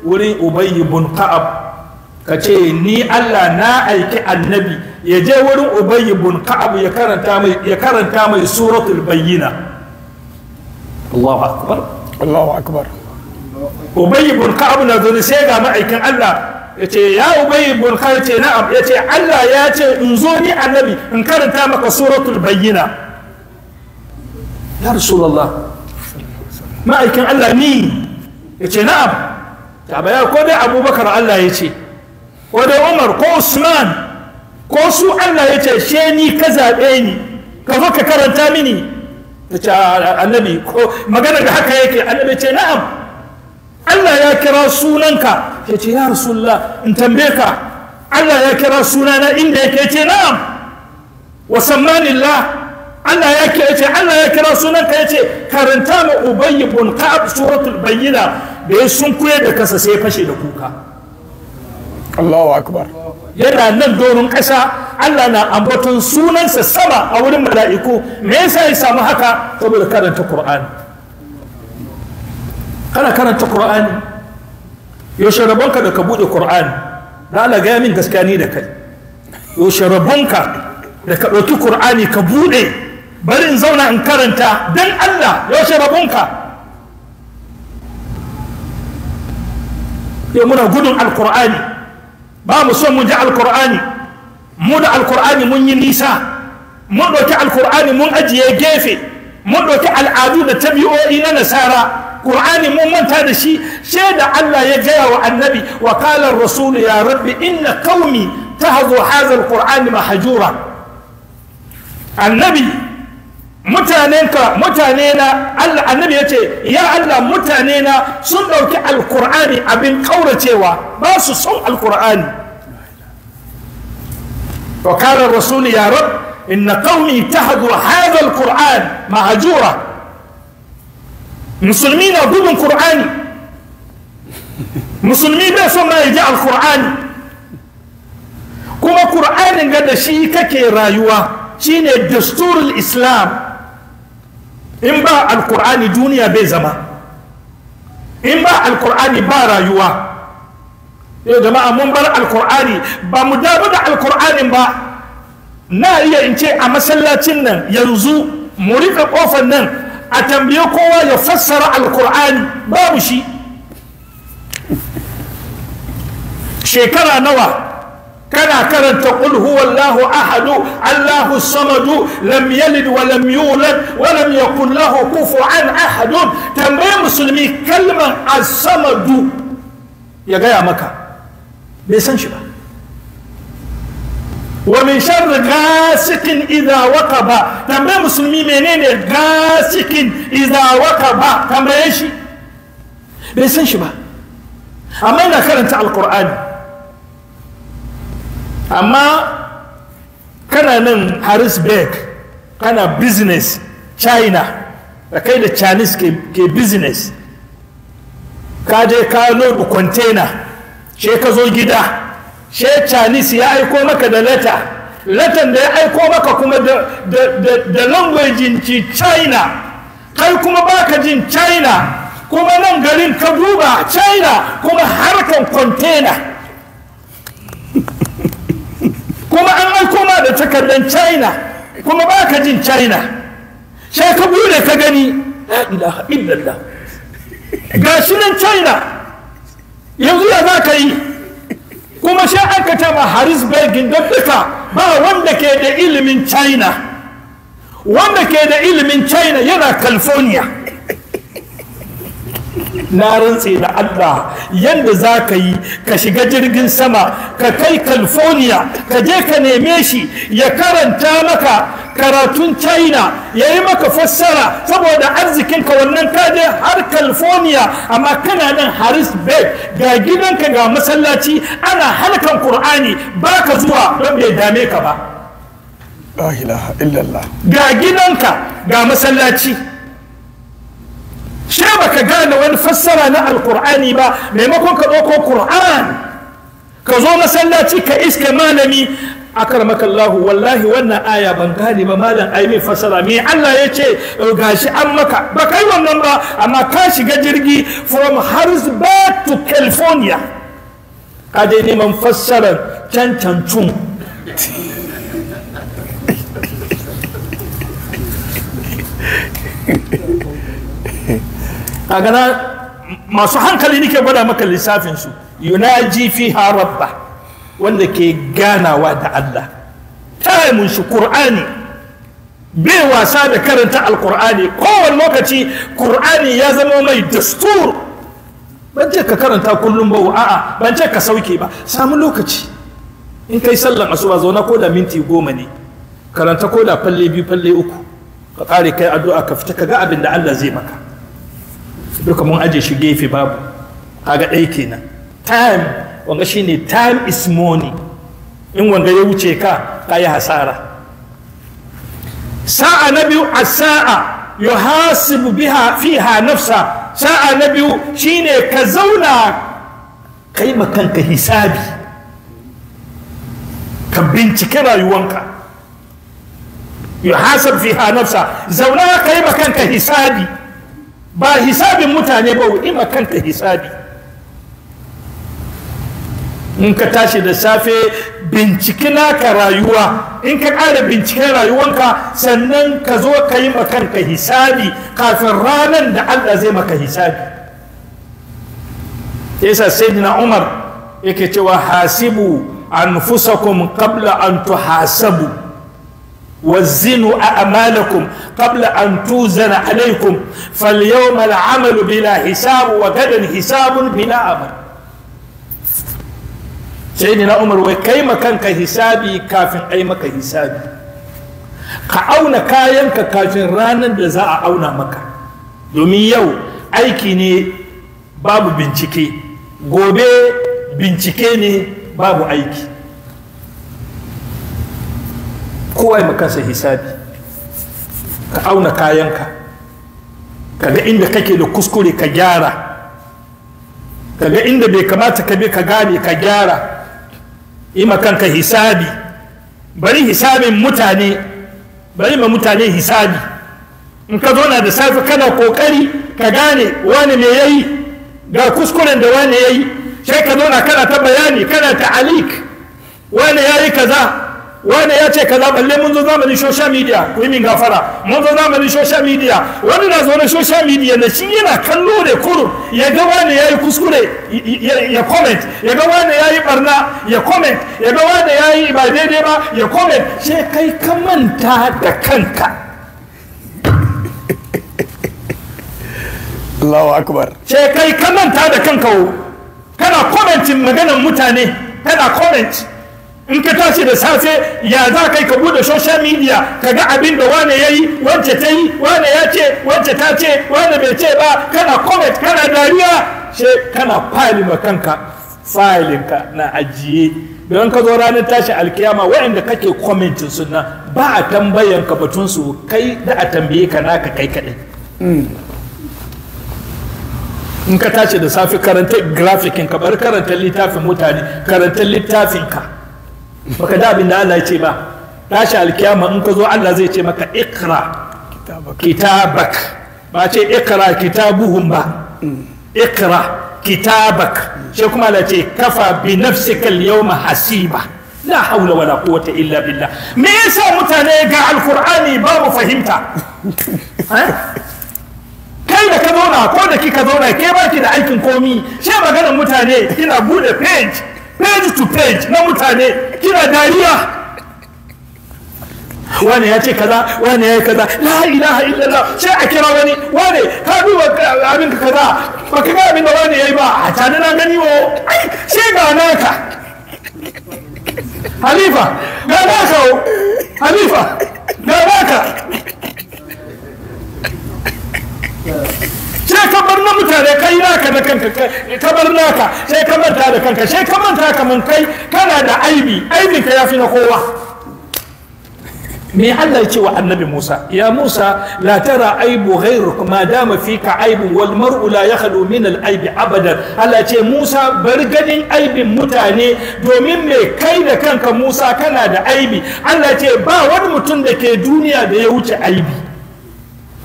S2: wurin ubayi ibn ka'ab ka ce ni Allah na aiki annabi ya je wurin ubayi ibn ka'ab ya karanta mai ya karanta suratul bayyina Allahu akbar
S1: Allahu akbar
S2: ubayy ka'ab na zo sai ga ma'aikin Allah ya ce ya ubayi burkar ce na'am ya ce Allah ya ce in zo ni annabi in karanta maka suratul bayyina ya rasulullah ma'aikin Allah ni ya ce na'am ta baya ko dai abubakar Allah ya ce ko dai umar ko usman ko su Allah ya ce she ni ka zaɓe ni ka zo ka karanta mini Ya ce annabi ko magana da haka yake annabi ce na'am Allah ya kira sunanka ya ce ya rasulullah in tambaye ka Allah ya kira sunana inda yake ce na'am wa sammanillah Allah ya kira ce Allah ya kira sunan ka yace karanta ma ubay ibn ka'ab suratul bayyina da ya sunkuye da kasa sai fashe da kuka
S1: Allahu akbar
S2: yana nan dorin kasa Allah na ambaton sunansa sama a wurin mala'iku me yasa ya samu haka saboda karanta Qur'ani kana karanta Qur'ani yaushe rabonka da ka bude Qur'ani da Allah ga min gaskiya ni da kai yaushe rabonka da ka ɗauki Qur'ani ka bude bari in zauna in karanta don Allah yaushe rabunka yau muna gudun alkur'ani ba mu son mun ji alkur'ani mu da alkur'ani mun yi nisa mun ɗauki alkur'ani mun ajiye gefe mun ɗauki al'adu da tabi'o'i na nasara ƙur'ani mun manta da shi sai da Allah ya gaya wa annabi wa rasulu ya rabbi inna qaumi tahzu hadha alqur'ani mahjura annabi mutanenka mutane na Allah annabi yace ya Allah mutane na sun dauki alqur'ani abin kauracewa ba su son alqur'ani wa qala rasul ya rab inna qaumi tahdu hadha alqur'an mahjura musulmi na gudun qur'ani musulmi bai son ma yaji alqur'ani kuma qur'anin ga da shi kake rayuwa shine dasturul islam in ba alkur'ani duniya bai zama in ba alkur'ani ba rayuwa yau jama'a mun bar alkur'ani ba mu damu da alkur'anin ba na iya in ce a masallacin nan yanzu mu rika kofar nan a tambaye kowa ya fassara alkur'ani babu shi shekara nawa kana karanta qul huwallahu ahadu allahu samadu lam yalid wa lam yulad wa lam yakul lahu kufuwan ahad tambaye musulmi kalmar as-samadu ya gaya maka bai san shi ba wa min sharri gasikin idza waqaba tambaye musulmi menene gasikin idza waqaba tambaye shi bai san shi ba amma na karanta alqur'ani amma kana nan harrisburg kana business china da kai da chinese ke business ka je ka lodu container she ka zo gida she chinese ya aiko maka da leta latan da ya aiko maka kuma da language ci china kai kuma baka jin china kuma nan garin ka duba china kuma harkan container kuma an aiko koma da takardar china kuma ba ka jin china sai ka bude ka gani la ga shi nan china yanzu ya za ka yi kuma sha aka taba haris bergin don duka ba wanda ke da ilimin china wanda ke da ilimin china yana california na rantse da Allah yadda za ka yi ka shiga jirgin sama ka kai california ka je ka neme shi ya karanta maka karatun china ya yi maka fassara saboda arzikinka wannan kaje har california amma kana nan haris bed ga gidanka ga masallaci ana halkan kur'ani ba ka zuwa don bai dame ka ba ga gidanka ga masallaci she baka gane wani fassara na alkur'ani ba maimakon ka ɗauko kur'an ka zo masallaci ka iska malami akramaka Allahu wallahi wannan aya ban gane ba malam ai mai fassara me Allah ya ce oh, gashi an maka ba kai wannan ba amma ka shiga jirgi from Harrisburg to California ka dai neman fassarar cancancun [laughs] kagana masu hankali nake gwada maka lissafin su yunaji fi harabba. wanda ke ganawa da Allah taimun shi qur'ani bai wasa da karanta alkur'ani kowane lokaci ƙur'ani ya zama mai dastur ban ce ka karanta kullum ba a'a ban ce ka sauke ba samu lokaci in kai sallan asuba zauna ko da minti goma ne karanta ko da falle biyu falle uku ka kare kai addu'a ka fita ka ga abin da Allah zai maka duka mun aje shi gefe babu kaga ɗaya kenan time wanga ne time is money in wanga ya wuce ka ka yi hasara sa'a na biyu a sa'a yuhasibu biha fiha nafsa sa'a na biyu shi ne ka zauna ka yi makanka hisabi ka bincike rayuwanka yuhasab fiha nafsa zauna ka yi makanka hisabi ba hisabin mutane ba wa ima kanka hisabi in ka tashi da safe binciki naka rayuwa in ka ƙara binciken rayuwanka sannan ka zo ka yi kanka hisabi kafin ranar da allah zai maka hisabi yasa sai umar yake cewa hasibu anfusakum qabla an tuhasabu وزنوا أعمالكم قبل أن توزن عليكم فاليوم العمل بلا حساب وغدا حساب بلا عمل سيدنا عمر وكي مكانك حسابي كافٍ أي مك حسابي كأونا كاينك كافٍ رانا جزاء أونا مكا دومي يو أيكي ني باب بنشكي gobe bincike ne babu aiki kowa ya kansa hisabi ka auna kayanka ka ga inda kake da kuskure ka gyara ka ga inda bai kamata ka bi ka gane ka gyara yi kanka hisabi bari hisabin mutane bari ma mutane hisabi in ka zauna da safe kana kokari ka gane wani me yayi ga kuskuren da wani yayi sai ka zauna kana ta bayani kana ta alik wani yayi kaza wani ya ce kaza zaɓalle mun zo zamani social media ku yi min gafara mun zo zamani social media wani na zaune social media na shi yana kallo ne kuru ya ga wani ya yi kuskure ya comment ya ga wani ya yi barna ya comment ya ga wani ya yi ba daidai ba ya comment sai kai ka manta da kanka
S1: [laughs] Allahu akbar
S2: sai kai ka manta da kanka kana comment maganar mutane kana comment in ka tashi da safe ya za kai ka buɗe social media ka ga abin da wane ya yi wance ta yi wane ya ce wance ta ce wane bai ce ba kana comment kana dariya she kana fali kanka falinka na ajiye don ka zo ranar tashi alkiyama waɗanda kake commentin suna ba a tambayan ka batun kai da a tambaye ka naka kai kaɗai in ka tashi da safe karanta grafikin ka bar karanta littafin mutane karanta littafinka. baka da abin da Allah ya ce ba tashi alkiyama in ka zo Allah zai ce maka ikra kitabak ba ce ikra kitabuhum ba mm. ikra kitabak shi kuma Allah ce kafa bi nafsika al-yawma hasiba la haula wala quwwata illa billah me yasa mutane ga alqur'ani babu fahimta kai da ka zauna ko da kika zauna ke baki da aikin komi shi maganar mutane kina bude page page to page na mutane kina dariya wane ya ce kaza wane ya yi kaza la ilaha illallah sai a kira wani wane ka wa abin ka kaza ba ka ga abin da wane ya yi ba a tani na gani wo ai sai ga naka halifa ga naka o halifa ga naka sai ka bar na mutane kai naka da kanka ka bar naka sai ka manta da kanka sai ka manta kai kana da aibi aibin ka fi na kowa me Allah ya ce wa annabi Musa ya Musa la tara aibu ghayruk ma dama fika aibu wal mar'u la yakhlu min al aibi abadan Allah ce Musa bar ganin aibin mutane domin me kai da kanka Musa kana da aibi Allah ce ba wani mutum da ke duniya da ya wuce aibi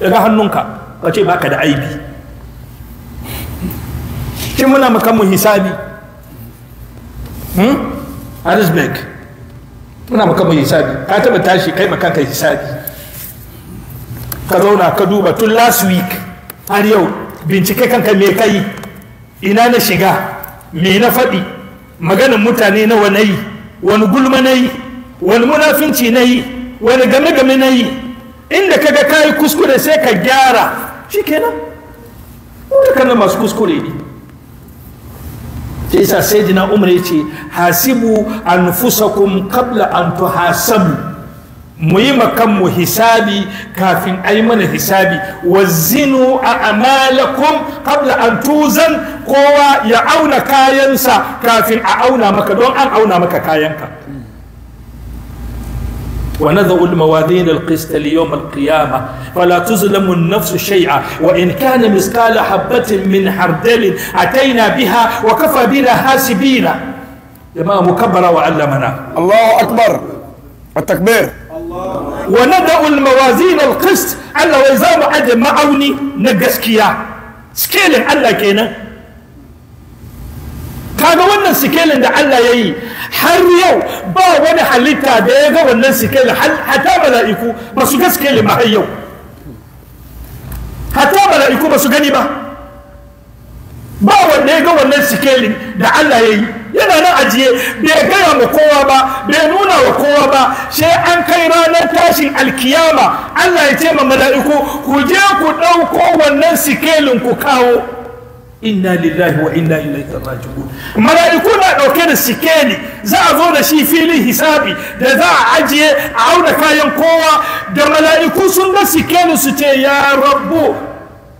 S2: daga hannunka ka ce baka da aibi shi muna mu hisabi hmm? Arisberg muna mu hisabi ka taba tashi kai makanka hisabi ka zauna ka duba tun last week har yau bincike kanka me kai ina na shiga me na faɗi maganin mutane nawa na yi wani gulma na yi wani munafinci na yi wani game-game na yi inda kaga kayi kuskure sai ka gyara shi kenan mutakan masu kuskure ne sai sa umar umar yace hasibu anfusakum kabla an tuhasabu mu yi makan mu hisabi kafin ai mana hisabi wazinu a amalakun kabla an tuzan kowa ya auna kayansa kafin a auna maka don an auna maka kayanka ونضع الموازين القسط ليوم القيامة فلا تظلم النفس شيئا وإن كان مثقال حبة من حردل أتينا بها وكفى بنا حاسبين إمام كبر وعلمنا الله أكبر التكبير ونضع الموازين القسط على وزام عدم معوني نقسكيا سكيل الله كينا kaga wannan sikelin da Allah ya yi har yau ba wani halitta da ya ga wannan sikelin hata mala'iku ba su ga sikelin ba har yau hata mala'iku ba su gani ba ba wanda ya ga wannan sikelin da Allah ya yi yana nan ajiye bai gaya ma kowa ba bai nuna wa kowa ba sai an kai ranar tashin alkiyama Allah ya ce ma mala'iku ku je ku ɗauko wannan sikelin ku kawo inna lillahi wa inna ilaihi raji'un mala'iku na dauke da sikeli za a zo da shi filin hisabi da za a ajiye a auna kayan kowa da mala'iku sun da sikeli su ce ya rabbu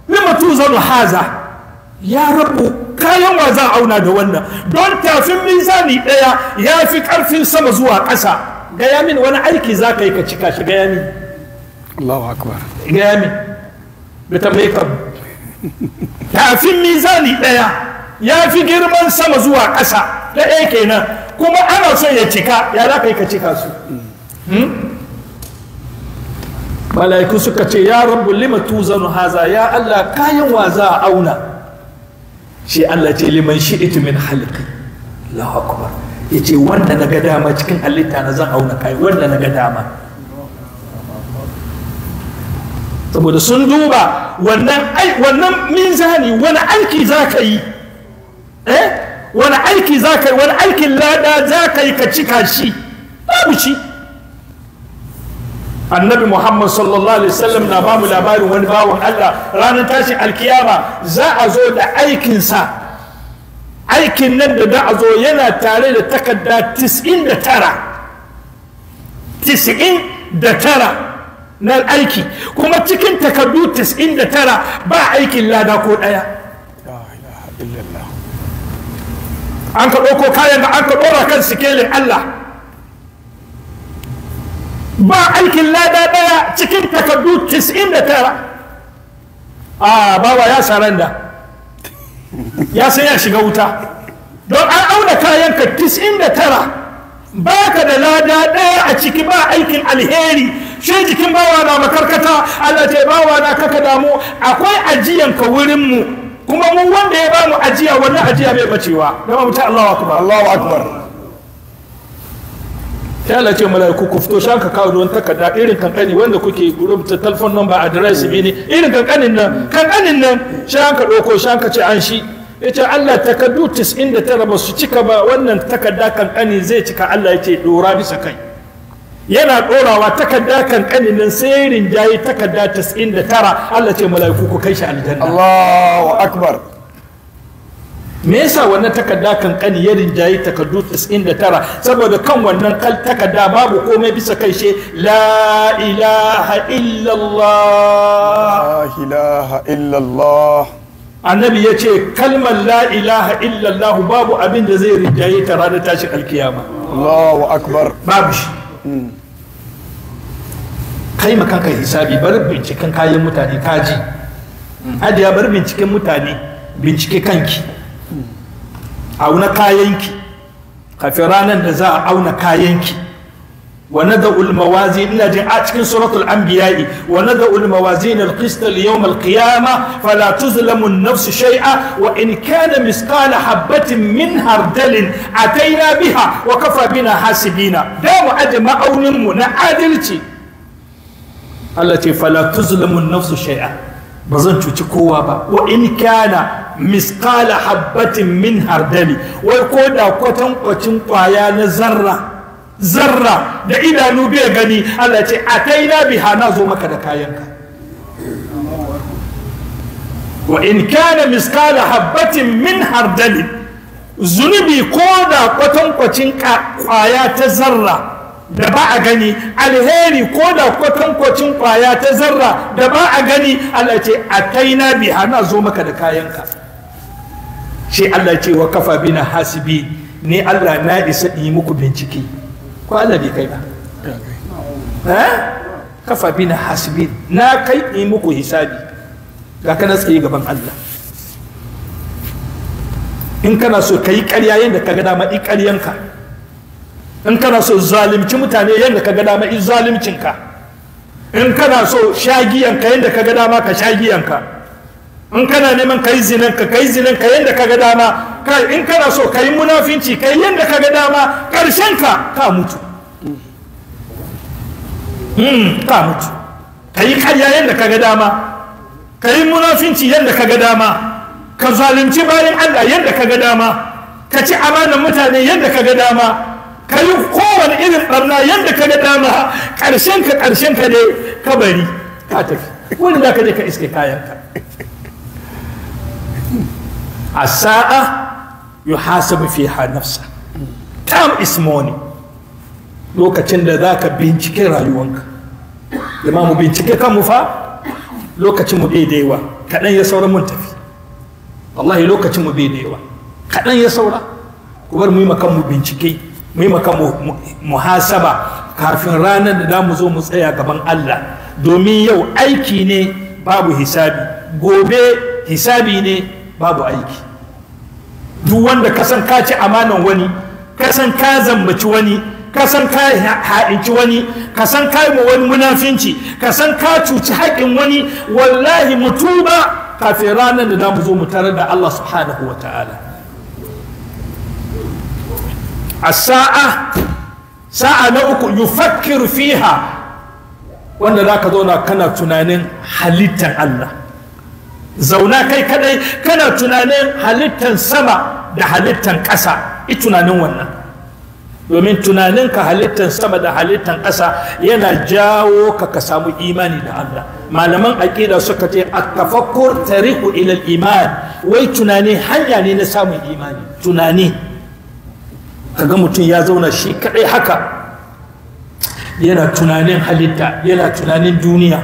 S2: lima tuzanu haza ya rabbu kayan wa za a auna da wannan don tafin mizani daya ya fi karfin sama zuwa ƙasa gaya min wani aiki za ka yi ka cika shi gaya min Allahu akbar gaya min bai tambaye tafin mizani ɗaya ya fi girman sama zuwa ƙasa da ɗaya kenan kuma ana son ya cika ya za ka yi ka cika su hmm? mala'iku suka ce ya rabu lima tuzanu haza ya Allah kayan wa za a auna shi Allah ce liman shi itu min halki Allahu akbar yace wanda na ga dama cikin halitta na zan auna kai wanda na ga dama saboda sun duba wannan minzani wani aiki za ka yi eh wani aiki za ka yi wani aikin lada za ka yi ka cika shi babu shi annabi muhammad sallallahu alaihi wasallam na bamu labarin wani bawan allah ranar tashi alkiyama za a zo da aikinsa aikin nan da da a zo yana tare da takarda 99 99 na aiki kuma cikin takardu 99 ba aikin lada ko daya an ka ɗauko kayan da an ka ɗora kan sikelin Allah ba aikin lada daya cikin takardu 99 a bawa ya saranda ya sai ya shiga wuta don an auna kayan ka 99 ba ka da lada daya a ciki ba aikin alheri shi jikin bawa na makarkata Allah ce bawa na kaka damu akwai ajiyan ka wurin mu kuma mu wanda ya bamu ajiya wannan ajiya bai bacewa dama mu ta Allahu akbar Allahu akbar ta Allah ce malaiku ku fito ka kawo don takarda irin kankani wanda kuke rubuta telephone number address ne irin kankanin nan kankanin nan shan ka doko ka ce an shi yace Allah takardu 99 ba su cika ba wannan takarda kankani zai cika Allah yace dora bisa kai yana ɗorawa takarda kan ƙaninin sirrin jayi takarda tara. Allah ce mala'iku ku kai shi aljanna Allahu akbar me yasa wannan takarda kankani ya rinjaye takardu tas'in da tara saboda kan wannan takarda babu komai bisa kai she la ilaha illallah la ilaha illallah annabi ya ce kalmar la ilaha illallah babu abin da zai rinjaye ta ranar tashin alkiyama Allahu akbar babu shi hmm. kai ma kanka hisabi bar binciken kayan mutane kaji adiya bar binciken mutane bincike kanki auna kayanki kafin ranar da za a auna kayanki wa nada'u ulmawazi ina jin a cikin suratul anbiya'i wa nada'u al-mawazin al-qist al-yawm al-qiyamah fala tuzlamu an-nafs shay'a wa in kana misqala habatin min hardalin ataina biha wa kafa bina hasibina da mu aje ma'aunin mu na adalci Allah ce fala tuzlamun nafsu shay'a ba zan cuci kowa ba wa in kana misqala habbatin min hardali wai ko da kwatan kwacin kwaya na zarra zarra da idanu bai gani Allah ce ataina biha na zo maka da kayanka wa in kana misqala habbatin min hardali zunubi ko da kwatan kwacin kwaya ta zarra da ba a gani alheri ko da kwatankwacin kwaya ta zarra da ba a gani Allah ce a taina bi na zo maka da kayanka shi Allah ce wa kafa bina hasibi ne Allah na isa in yi muku bincike ko Allah bai kai ba eh? kafa bina hasibi na kai in yi muku hisabi ga kana tsaye gaban Allah in kana so ka yi ƙarya yadda ka ga dama ƙaryanka in kana so zalimci mutane yadda ka ga dama in zalimcinka in kana so shagiyanka yadda ka ga dama ka shagiyanka in kana neman ka yi zinanka ka yi zinanka yadda ka ga dama in kana so ka yi munafinci ka yi yadda ka ga dama ƙarshenka ka mutu hmm, ka mutu ka yi karya yadda ka ga dama ka yi munafinci yadda ka ga dama ka zalunci bayan allah yadda ka ga dama ka ci amanan mutane yadda ka ga dama ka yi kowane irin ɓarna yadda ka ga dama ƙarshen ka ƙarshen ka ne kabari ka tafi wani za ka je ka iske kayanka a sa'a yu hasabu fi nafsa tam is money lokacin da za ka bincike rayuwanka zama mu bincike kan mu fa lokacin mu daidaiwa kaɗan ya saura mun tafi wallahi lokacin mu daidaiwa kaɗan ya saura ku bar mu yi makan mu bincike mu yi maka muhasaba kafin ranar da za mu zo mu tsaya gaban Allah domin yau aiki ne babu hisabi gobe hisabi ne babu aiki duk wanda kasan ka ci amanan wani kasan ka zambaci wani kasan ka haɗinci wani kasan ka yi wani munafinci kasan ka cuci haƙin wani wallahi mutuba kafin ranar da za mu zo mu tarar da Allah subhanahu wa ta'ala A saa sa'a na uku yufakkiru fiha wanda zaka zauna kana tunanin halittar Allah zauna kai kadai kana tunanin halittar sama da halittar ƙasa i tunanin wannan domin tunaninka halittar sama da halittar ƙasa yana jawo ka ka samu imani da Allah malaman aƙida suka ce a tafakkur tariku ilal iman wai tunani hanya ne na samun imani tunani Ka ga mutum ya zauna shi kaɗai haka yana tunanin halitta yana tunanin duniya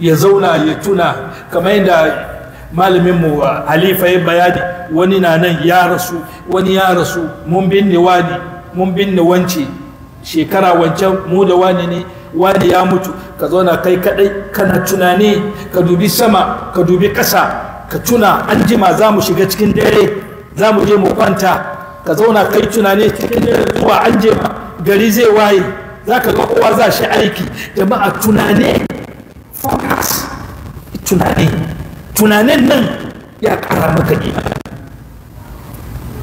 S2: ya zauna ya tuna kamar yadda malaminmu uh, halifa ya bayani wani na nan ya rasu wani ya rasu mun binne wani mun binne wance shekara wancan mu da wani ne wani ya mutu ka zauna kai kaɗai, kana tunani ka dubi sama ka dubi ƙasa, ka tuna an jima za mu shiga cikin dare za mu je mu kwanta ka zauna kai tunani cikin zuwa an je gari zai waye za ka ga kowa za shi aiki jama'a tunane focus tunane tunanen nan ya kara maka imani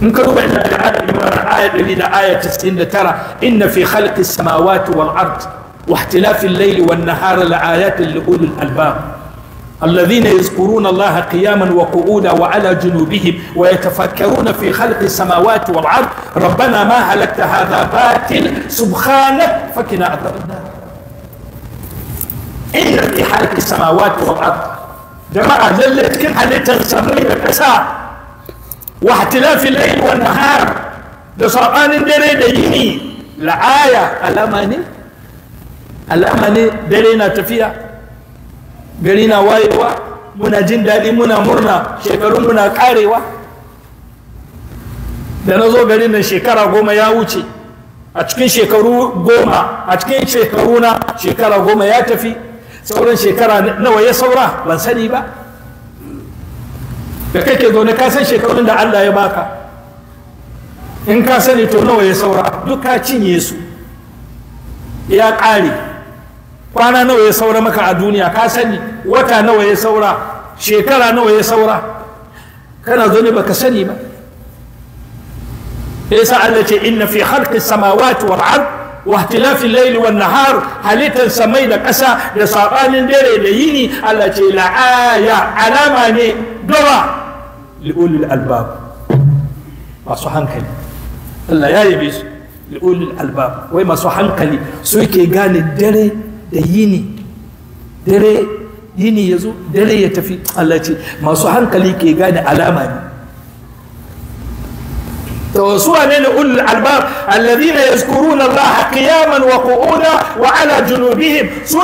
S2: in ka ruba ina da ayat limara aya ɗari da aya tasa'in da tara inna fi khalqis samawati wal ard wa ihtilafil layli wan nahari la ayatin li ulil albab الذين يذكرون الله قياما وقعودا وعلى جنوبهم ويتفكرون في خلق السماوات والارض ربنا ما هلكت هذا باطل سبحانك فكنا عذاب النار ان في خلق السماوات والارض جماعه ذلت كل حالتها سميه بكساء واحتلاف الليل والنهار لصرآن دري ديني لعايه الأماني الأماني درينا تفيها gari na wayewa muna jin daɗi muna murna shekarunmu na ƙarewa da na zo garin nan shekara goma ya wuce a cikin shekaru goma a cikin shekaru na shekara goma ya tafi sauran shekara nawa ya saura ban sani ba da kake zaune ka san shekarun da Allah ya baka in ka sani to nawa ya saura duk ka cinye su ya ƙare kwana nawa ya saura maka a duniya ka sani wata nawa ya saura shekara nawa ya saura kana zo ne ba ka sani ba sa Allah ce inna fi khalqi samawati wal ard wa ihtilafi al-layli wan nahar halitan samai da ƙasa da sabanin dare da yini Allah ce la aya alama ne dawa li ulil albab masu hankali Allah ya yabe su li ulil albab wai masu hankali su yake gane dare da yini dare yini ya dare ya tafi Allah ce masu hankali ke gane alama ne ta wasu ne na ulul albar allari na ya zukuru na za a kiyaman wa ko'ona wa ala junubihim su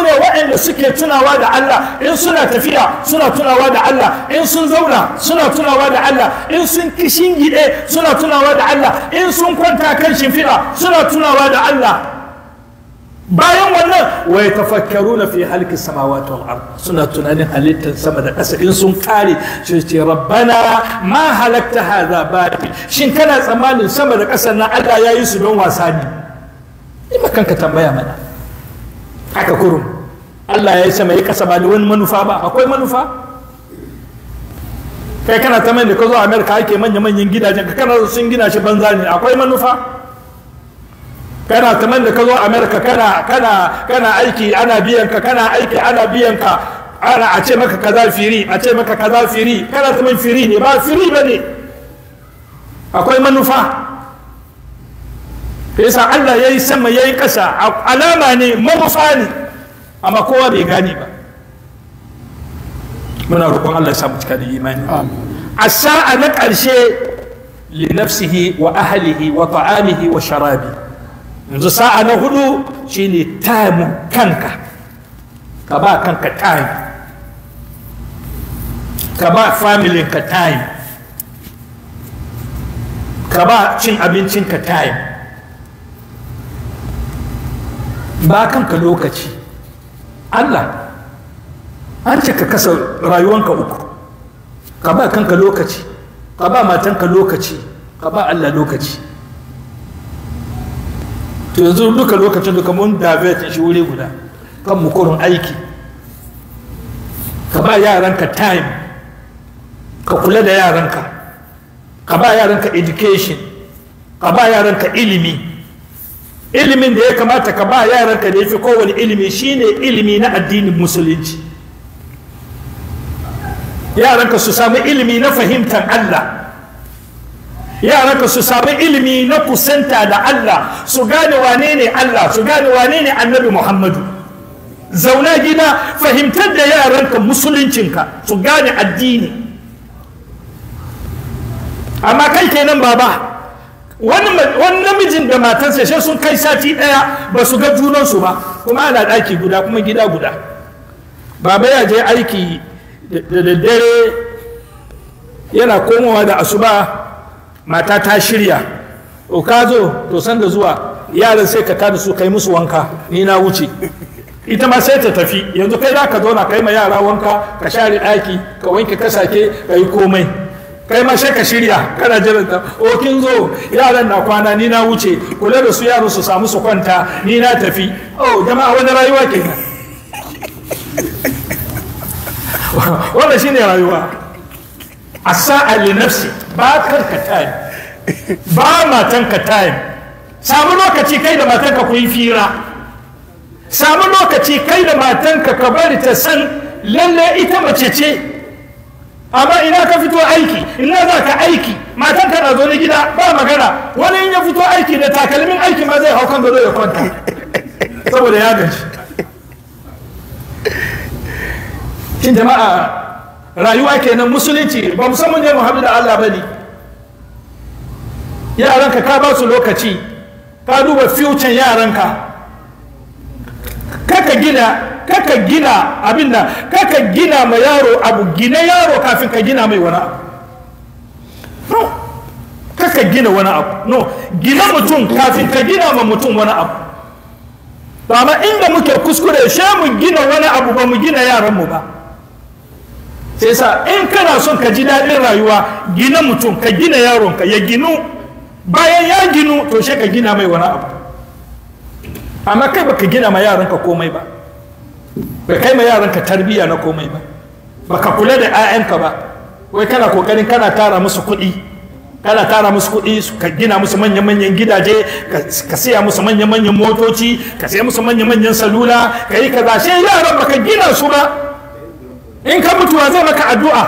S2: suke tunawa da Allah in suna tafiya suna tunawa da Allah in sun zauna suna tunawa da Allah in sun kishin gide suna tunawa da Allah in sun kwanta kan shimfina suna tunawa da Allah bayan wannan wa yatafakkaruna fi halki samawati wal ard suna tunanin halittar sama da ƙasa in sun kare shi ce rabbana ma halakta hadha batil shin kana tsammanin sama da ƙasa na Allah ya yi su don wasa ne ima kanka tambaya mana haka kurum Allah ya yi sama ya kasa ba da wani manufa ba akwai manufa kai kana ta mai da ka zo Amerika ake manya manyan gidajen ka kana sun gina shi banza ne akwai manufa kana kamar da ka zo america kana kana kana aiki ana biyan ka kana aiki ana biyan ka ana a ce maka kaza firi a ce maka kaza firi kana zaman firi ne ba firi ba ne akwai manufa yasa Allah ya yi sama ya yi ƙasa alama ne manufa ne amma kowa bai gani ba muna roƙon Allah ya samu cika da imani a sa'a na ƙarshe li nafsihi wa ahalihi wa ta'amihi wa sharabi yanzu sa'a na hudu shine time kanka ka ba kanka time ka ba family ka time ka ba cin abincin ka time ba kanka lokaci Allah an ce ka kasa rayuwanka uku ka ba kanka lokaci ka ba matanka lokaci ka ba Allah lokaci to yanzu duka lokacin duka mun divert shi wuri guda kan mukurin aiki ka ba yaranka time ka kula da yaranka ka ba yaranka education ka ba yaranka ilimi ilimin da ya kamata ka ba yaranka da ya fi kowane ilimi shine ilimi na addinin musulunci yaranka su sami ilimi na fahimtar Allah ka su sami ilimi na kusanta da Allah su gane wane ne Allah su gane wane ne annabi Muhammadu zauna gida fahimtar da yaranka musuluncinka su gane addini amma kai kenan baba wani namijin da matarsa sai sun kai sati ɗaya ba su ga junansu ba kuma ana daki guda kuma gida guda baba ya je aiki da daddare yana komowa da asuba mata ta shirya o ka zo to san da zuwa yaran sai ka tada su kai musu wanka ni na wuce ita ma sai ta tafi yanzu kai za ka zauna kai ma yara wanka ka share ɗaki ka wanke kasake ka yi komai kai ma sai ka shirya kana jiran ta o kin zo yaran na kwana ni na wuce kula da su yaran su samu su kwanta ni na tafi oh jama'a wani rayuwa kenan [laughs] wannan shine rayuwa a sa'a li nafsi ba kanka time ba matanka time samu lokaci kai da matanka ku yi fira samu lokaci kai da matanka ka bari ta san lalle ita mace ce amma ina ka fito aiki ina za ka aiki matanka na zo na gida ba magana wani in ya fito aiki da takalmin aiki ma zai hau kan gado ya kwanta saboda ya gaji rayuwa kenan musulunci ba musamman ne muhammadu da allah ba ne yaranka ka ba su lokaci ka duba fiyucin yaranka kaka gina kaka gina abin da kaka gina ma yaro abu gina yaro kafin ka gina mai wani abu no kaka gina wani abu no gina mutum kafin ka gina ma mutum wani abu ba ma inda muke kuskure shemu mu gina wani abu ba mu gina yaranmu ba sai sa in kana son ka ji daɗin rayuwa gina mutum ka gina yaronka ya ginu bayan ya ginu to shi ka gina mai wani abu amma kai baka gina ma yaranka komai ba ba kai ma yaranka tarbiyya na komai ba baka kula da 'ya'yanka ba wai kana kokarin kana tara musu kuɗi kana tara musu kuɗi ka gina musu manya-manyan gidaje ka siya musu manya-manyan motoci ka siya musu manya-manyan salula ka yi kaza sai yaran baka gina su ba in ka mutu wa zai maka addu'a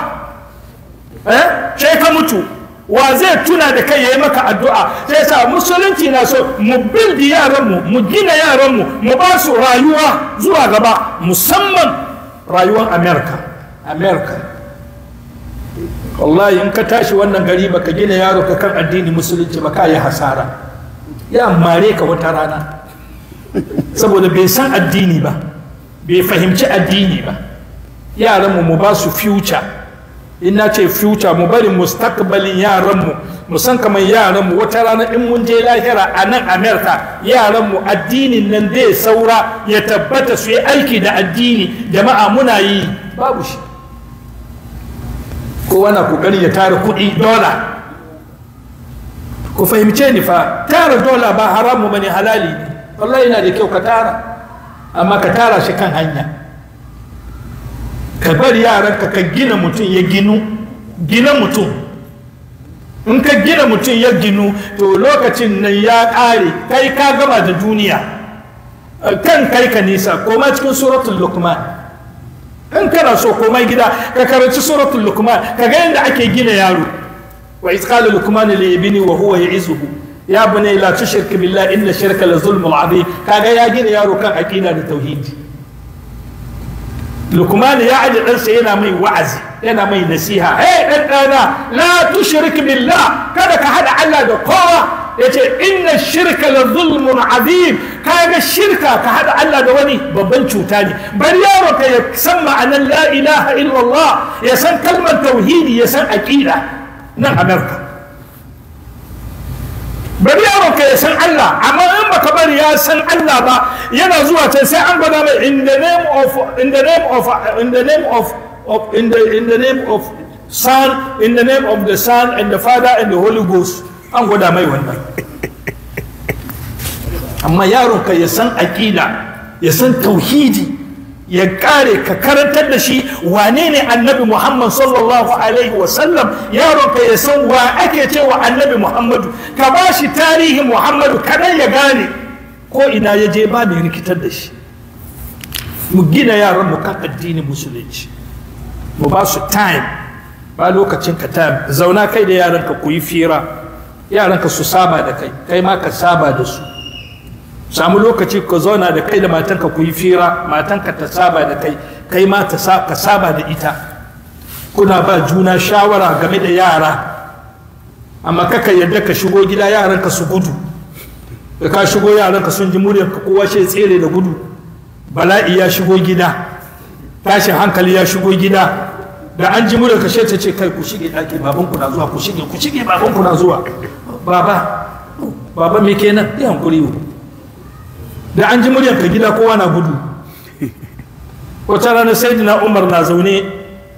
S2: eh sai ka mutu wa zai tuna da kai yayi maka addu'a sai sa musulunci na so mu bildi yaranmu mu gina yaran mu ba su rayuwa zuwa gaba musamman rayuwar america america wallahi in ka tashi wannan gari baka gina yaro ka kan addini musulunci ba yi hasara ya mare ka wata rana saboda bai san addini ba bai fahimci addini ba Yaran mu ba su future in na ce future mu bari mustakbalin yaranmu mu san kamar yaranmu wata rana in mun je lahira a nan america mu addinin nan zai saura ya tabbata su yi aiki da addini jama'a muna yi babu shi kowa na kokarin ya tara kuɗi dola ku fahimce ni fa tara dola ba haramu bane halali ne wallahi yana da kyau ka tara amma ka tara shi kan hanya ka bar yaranka ka gina mutum ya ginu gina mutum in ka gina mutum ya ginu to lokacin nan ya kare kai ka gama da duniya kan kai ka nisa koma cikin suratul lukman in kana so komai gida ka karanci suratul lukman ka ga yadda ake gina yaro wa isqala lukman li ibni wa huwa ya'izuhu ya bani la tushrik billahi inna shirka la zulmun adhim kaga ya gina yaro kan aqida da tauhidi lukman ya aje ɗansa yana mai wa'azi yana mai nasiha hey ɗan ɗana la tushrik billah kada ka haɗa Allah da kowa yace inna shirka la zulmun azim kaga shirka ka haɗa Allah da wani babban cuta ne bari yaro ka ya san ma'anar la ilaha illallah ya san kalmar tauhidi ya san aƙida na Amurka. ya san Allah amma in baka bari ya san Allah ba yana zuwa can sai an gwada mai in the name of in the name of in the name of, of in the in the name of son in the name of the son and the father and the holy ghost an gwada mai wannan amma yaron ka ya san aqida ya san tauhidi ya kare ka karantar da shi wane ne annabi muhammad sallallahu alaihi wasallam yaron ka ya san wa ake cewa annabi muhammadu ka ba shi tarihin muhammadu kadan ya gane ko ina ya je ba mai rikitar da shi mu gina yaran mu kan addinin musulunci mu ba su time ba lokacin ka time zauna kai da yaran ka ku yi fira yaran ka su saba da kai kai ma ka saba da su samu lokaci ka zauna da kai da matanka ku yi fira matanka ta saba da kai kai ma ta ka saba da ita kuna ba juna shawara game da yara amma kaka yadda ka shigo gida yaranka su gudu da ka shigo yaranka sun ji muryar ka kowa shi tsere da gudu bala'i ya shigo gida tashin hankali ya shigo gida da an ji muryar ka shi ta ce kai ku shige ɗaki babanku na zuwa ku shige ku shige babanku na zuwa baba baba me kenan ya hankuri da an ji muryar gida kowa na gudu wata rana sai na umar na zaune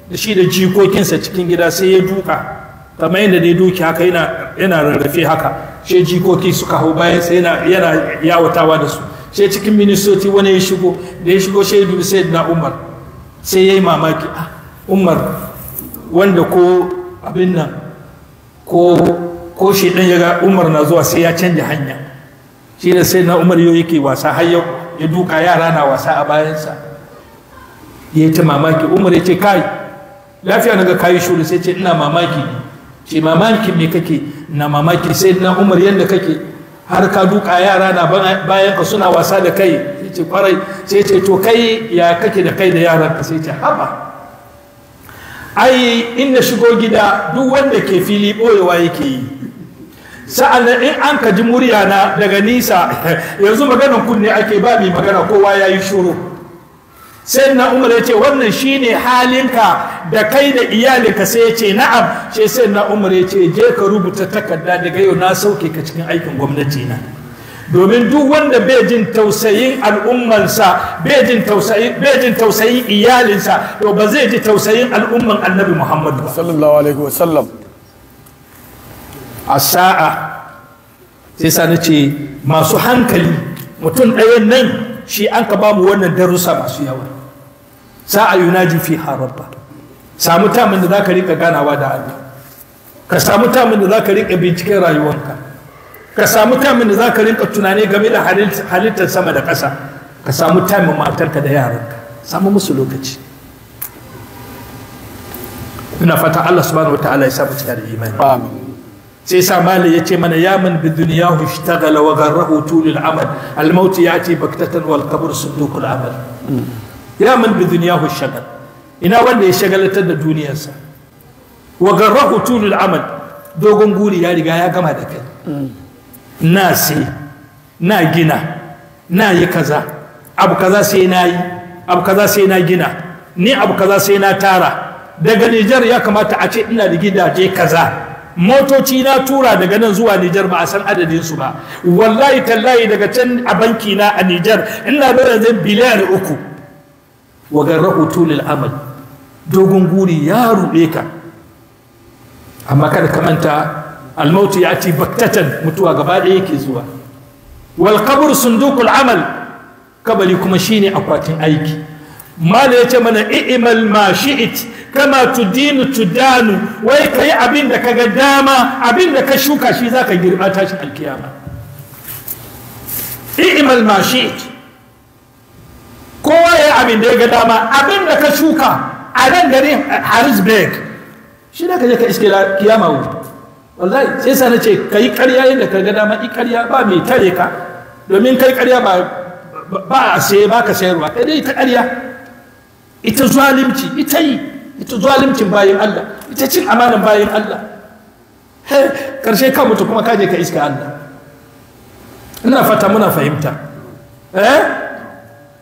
S2: da shi da jikokinsa cikin gida sai ya duka kamar yadda dai duki haka yana rarrafe haka sai jikoki suka hau bayan sai yana yawatawa da su sai cikin ministoci wani ya shigo da ya shigo sai dubi sai na umar sai ya yi mamaki ah, umar wanda ko abin nan ko shi ɗan ya umar na zuwa sai ya canja hanya shi ne sai na umar yau yake wasa har yau ya duka yara na wasa a bayansa ya ta mamaki umar ya ce kai lafiya na ga kayi shuru sai ce ina mamaki ce mamaki me kake na mamaki sai na umar yadda kake har ka duka yara na bayan ka suna wasa da kai sai ce kwarai sai ce to kai ya kake da kai da yaran ka sai ce haba ai in na shigo gida duk wanda ke fili boyewa yake yi sa'annan in an ka ji murya na daga nisa [laughs] yanzu maganan kunne ake ba mai magana kowa ya yi shuru sai na umar ya ce wannan shi ne halinka da kai da iyalinka sai ya ce na'am sai sai na umar ya ce je ka rubuta takarda daga yau na sauke ka cikin aikin gwamnati na domin duk wanda bai jin tausayin al'ummansa bai jin tausayin iyalinsa to ba zai ji tausayin al'umman annabi muhammadu sallallahu a sa'a sai sa na ce masu hankali mutum ɗayan nan shi an ka bamu wannan darussa masu yawa sa'a yunaji fi harabba samu tamin da za ka riƙa ganawa da Allah ka samu tamin da za ka riƙa binciken rayuwanka ka samu tamin da za ka riƙa tunani game da halittar sama da ƙasa ka samu tamin matarka da yaranka samu musu lokaci ina fata Allah subhanahu wa ta'ala ya sa mu cikin imani amin sai sa mali ya ce mana yaman bi duniyahu ishtagala wa garrahu tulul amal al maut yati baktatan wal qabr sudukul amal yaman bi duniyahu shagal ina wanda ya shagalatar da duniyarsa wa garrahu tulul amal dogon guri ya riga ya gama da kai na sai na gina na yi kaza abu kaza sai na yi abu kaza sai na gina ni abu kaza sai na tara daga Nijar ya kamata a ce ina da gidaje kaza motoci na tura daga nan zuwa Nijar ba a san adadin su ba wallahi tallahi daga can a banki na a Nijar ina da yanzu biliyan uku wa garrahu tulil amal dogon guri ya ruɗe ka amma kada ka manta almauti ya ci baktatan mutuwa gaba ɗaya yake zuwa wal qabr sundukul amal kabari kuma shine akwatin aiki mala yace mana i'mal ma shi'it kama tudinu tudanu wai ka yi abin da ka ga dama abin da ka shuka shi za ka girma shi alkiyama i'mal mashi kowa ya yi abin da ya ga dama abin da ka shuka a nan gari harisberg shi da ka je ka iske kiyama wu wallahi sai sa na ce ka yi karya yadda ka ga dama i karya ba mai tare ka domin kai karya ba a saye ba ka sayarwa ka dai ta karya ita zalimci ita yi ita zalimcin bayin Allah ita cin amanan bayin Allah karshe ka mutu kuma kaje ka iska Allah ina fata muna fahimta eh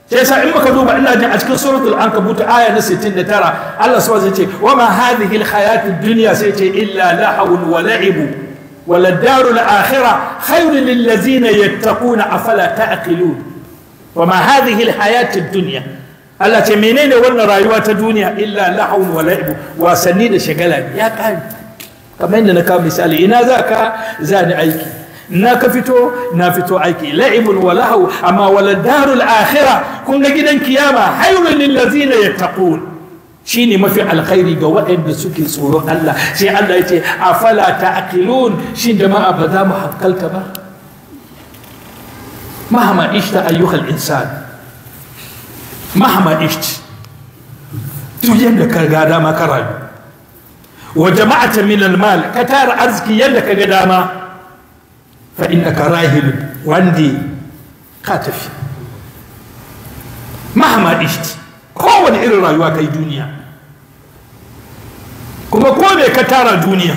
S2: sai sa in muka duba ina ji a cikin suratul ankabut aya na 69 Allah subhanahu zai ce wa ma hadhihi al hayat ad dunya sai ce illa lahawun wa la'ibu wal darul akhirah khayrun lil ladzina yattaquna afala ta'qilun wa ma hadhihi al hayat ad dunya Allah ce menene wannan rayuwa ta duniya illa lahun wa la'ibu wasanni da shagala ya kai kamar yadda na kawo misali ina za ka za ni aiki na ka fito na fito aiki la'ibun wa lahu amma wala darul akhirah kun ga gidan kiyama hayrun lil ladina yattaqun shine mafi alkhairi ga waɗanda suke tsoron Allah sai Allah ya ce afala ta'qilun shin da ma abada mu hankalta ba mahama ishta ayyuhal insan مهما عشت تجيب لك قدامة كرب وجمعت من المال كتار أرزكي يلك قدامة فإنك راهل وعندي كاتف مهما عشت kowane irin rayuwa kai duniya kuma ko me ka tara duniya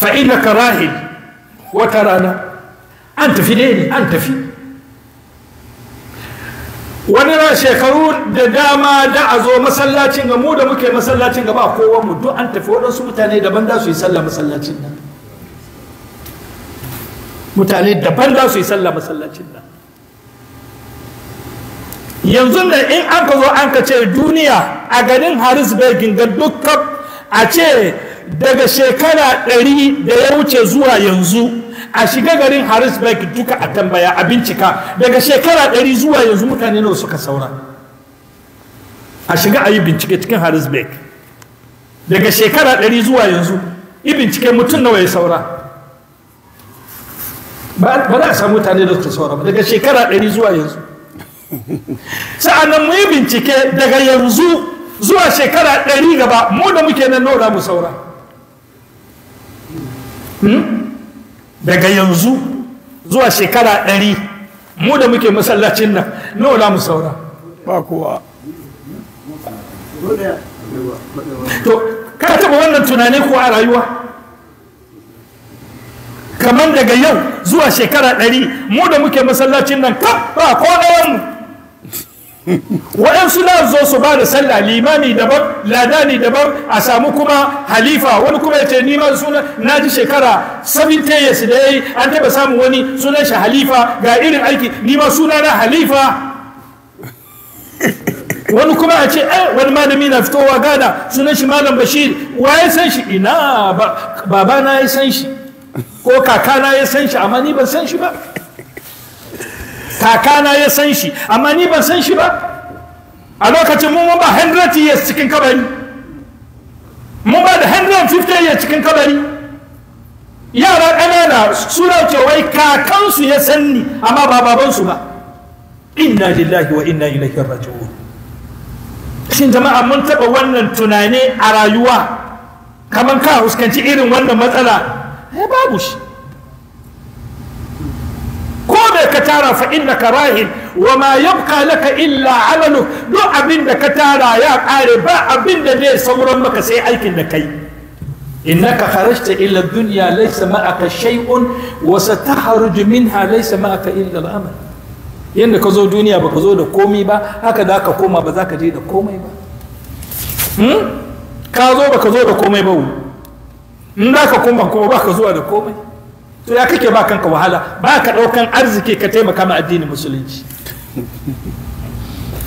S2: fa innaka rahil wata rana an tafi ne an tafi wani ran shekaru da dama da a zo masallacin ga mu da muke masallacin ga ba kowa mu duk an tafi waɗansu mutane daban da su yi sallah masallacin nan mutane daban da su yi sallah masallacin nan yanzu da in an ka zo an ka ce duniya a garin harisbergin ga dukkan a ce daga shekara ɗari da ya wuce zuwa yanzu a shiga garin Harrisburg duka a tambaya a bincika daga shekara ɗari zuwa yanzu mutane nawa suka saura a shiga a yi bincike cikin Harrisburg daga shekara ɗari zuwa yanzu yi bincike mutum nawa ya saura ba za a samu mutane da suka saura daga shekara ɗari zuwa yanzu [laughs] sa'annan mu yi bincike daga yanzu zuwa shekara ɗari gaba mu da muke nan nora mu saura Hmm? daga yanzu zuwa shekara ɗari mu da muke masallacin nan nawa za mu saura ba kowa
S1: to ka taɓa wannan tunani ko a rayuwa
S2: kamar daga yau zuwa shekara ɗari mu da muke masallacin nan ka ba kowa mu waɗansu na zo su ba da sallah limami daban ladani daban a samu kuma halifa wani kuma ya ce neman suna na ji shekara 70 years da ya yi an taɓa samun wani sunan shi halifa ga irin aiki nima suna na halifa wani kuma a ce eh wani malami na fitowa gada sunan shi malam bashir wa ya san shi ina babana ya san shi ko kakana ya san shi amma ni ban san shi ba kakana ya san shi amma ni ban san shi ba a lokacin mu ba 100 years cikin kabari mun ba da 150 years cikin kabari yara ƙanana suna ce wai kakansu ya san ni amma ba babansu ba inna lillahi wa inna ilaihi raji'un shin jama'a mun taɓa wannan tunani a rayuwa kamar ka huskanci irin wannan matsala eh, babu shi me ka tara fa innaka rahin wa ma yabqa laka illa amalu duk abin da ka tara ya kare ba abin da zai sauran maka sai aikin da kai innaka kharajta ila dunya laysa ma'aka shay'un wa minha laysa ma'aka illa al-amal yanda ka zo duniya ka zo da komai ba haka da ka koma ba za ka je da komai ba hmm? ka zo ka zo da komai ba in za ka koma kuma ka zuwa da komai to ya kake ba kanka wahala ba ka ɗaukan arziki ka taimaka ma addinin musulunci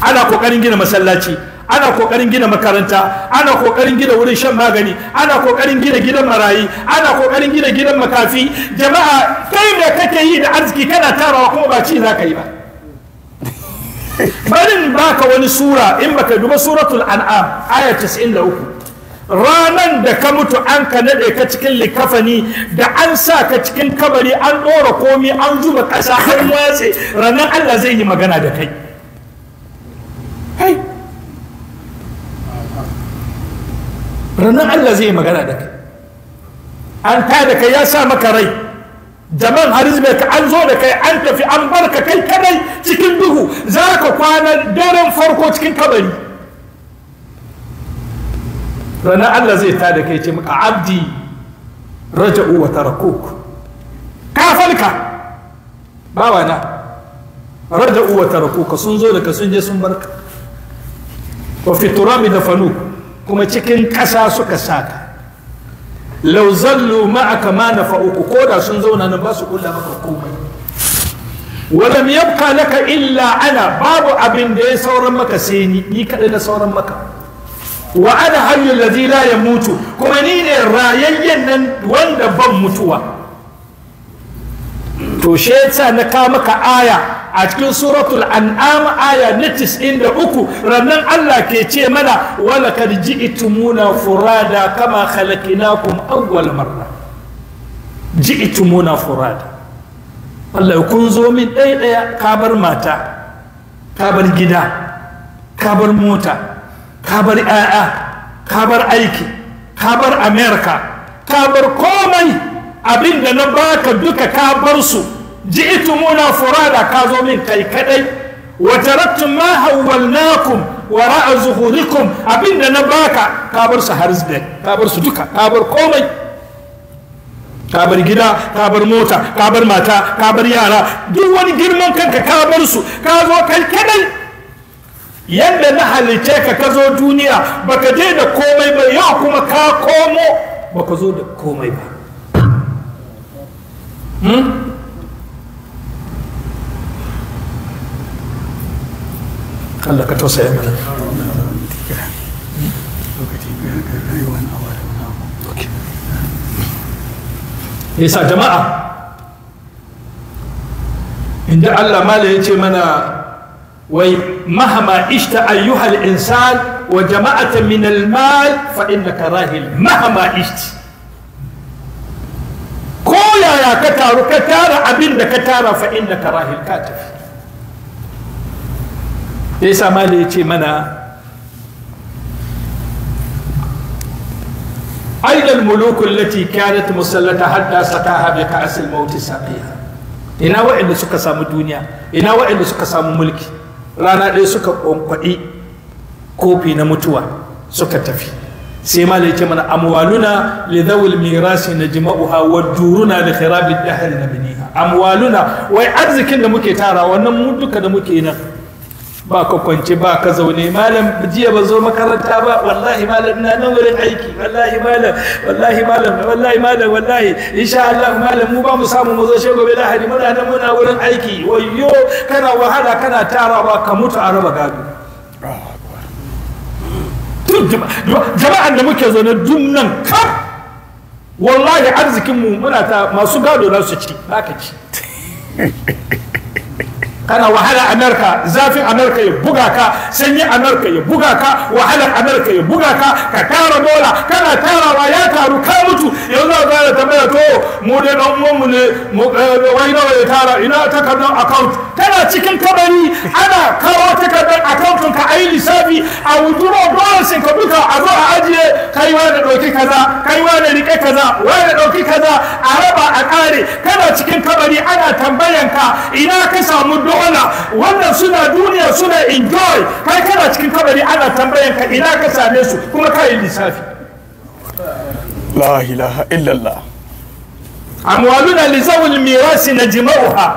S2: ana kokarin gina masallaci ana kokarin gina makaranta ana kokarin gina wurin shan magani ana kokarin gina gidan marayi ana kokarin gina gidan makafi jama'a kai da kake yi da arziki kana tarawa kuma ba ci za ka yi ba barin baka wani sura in baka duba suratul an'am aya 93 ranan da ka mutu an ka nade ka cikin likafani da an sa ka cikin kabari an ɗora komi an zuba ƙasa har watse ranar Allah zai yi magana da kai hai ranar Allah zai yi magana da kai an ta da kai ya sa maka rai jaman harizbe ka an zo da kai an tafi an barka kai kadai cikin duhu za ka kwana daren farko cikin kabari ranar Allah zai ta da kai ce maka abdi raja'u wa tarakuk ka falka bawa na raja'u wa tarakuka sun zo da ka sun je sun barka wa fi turabi da fanu kuma cikin ƙasa suka saka lau zallu ma'aka ma na fa'uku ko da sun zauna nan ba su kula maka komai walam yabka laka illa ana babu abin da ya sauran maka sai ni ni kaɗai na sauran maka wa ana hayyul ladhi la yamutu kuma ni ne rayayyen nan wanda ban mutuwa to she yasa na ka maka aya a cikin suratul an'am aya na uku, rannan Allah ke ce mana wala kad ji'tumuna furada kama khalaqnakum awwal marra ji'tumuna furada Allah kun zo min ɗaya ɗaya kabar mata kabar gida kabar mota ka bar 'ya'ya ka bar aiki ka bar america ka bar komai abin da na baka duka ka bar su ji'itu muna furada ka zo min kai kadai wa ma hawwalnakum wa ra'a zuhurikum abin da na baka ka bar su harzde ka bar su duka ka bar komai ka bar gida ka bar mota ka bar mata ka bar yara duk wani girman kanka ka bar su ka zo kai kadai yadda na halice ka ka zo duniya baka je da komai ba yau kuma ka komo baka zo da komai ba hmm? Allah jama'a inda Allah mala ya ce mana wai mahama ishta ayyuhal insan wa jama'a ta al-mal fa innaka rahil mahama ishta ko yaya ka taru ka tara abin da ka tara fa innaka ka tafi ce mana أين الملوك التي كانت مسلطة حتى سقاها بكأس الموت ساقيها suka samu duniya ina إنا suka samu mulki. rana ɗaya suka kwankwaɗi kofi na mutuwa suka tafi sai ma ce mana amwaluna li dhawil mirasi najma'uha wa duruna li khirabi dahri nabniha amwaluna wai arzikin da muke tara wannan mu duka da muke nan ba ka kwance ba ka zaune malam jiya ba zo makaranta ba wallahi malam na nan wurin aiki wallahi malam wallahi malam wallahi malam wallahi insha Allah malam mu ba mu samu mu zo shi gobe lahadi muna nan muna wurin aiki wayyo kana wahala kana tarawa ka mutu a raba gado jama'an da muke zaune duk nan kam wallahi arzikinmu muna ta masu gado na su ci ba ka ci [laughs] kana wahala amerika zafin amerika ya buga ka sanyi amerika ya buga ka wahalar amerika ya buga ka ka tara dola kana tarawa ya taru ka mutu yanzu za ka tambaya to mu dai dan mu ne eh, wai nawa ya tara ina takardar account tana cikin kabari ana kawo takardar account ka ayi lissafi a wuduro dollars ka duka a zo a ajiye kai wa da dauki kaza kai wa da rike kaza wa da dauki kaza a raba a kare kana cikin kabari ana tambayanka ina ka samu dola mana wannan suna duniya suna enjoy kai kana cikin kabari ana tambayan ka ina ka same su kuma kai lissafi
S1: la ilaha illallah
S2: amwaluna li zawil mirasi najma'uha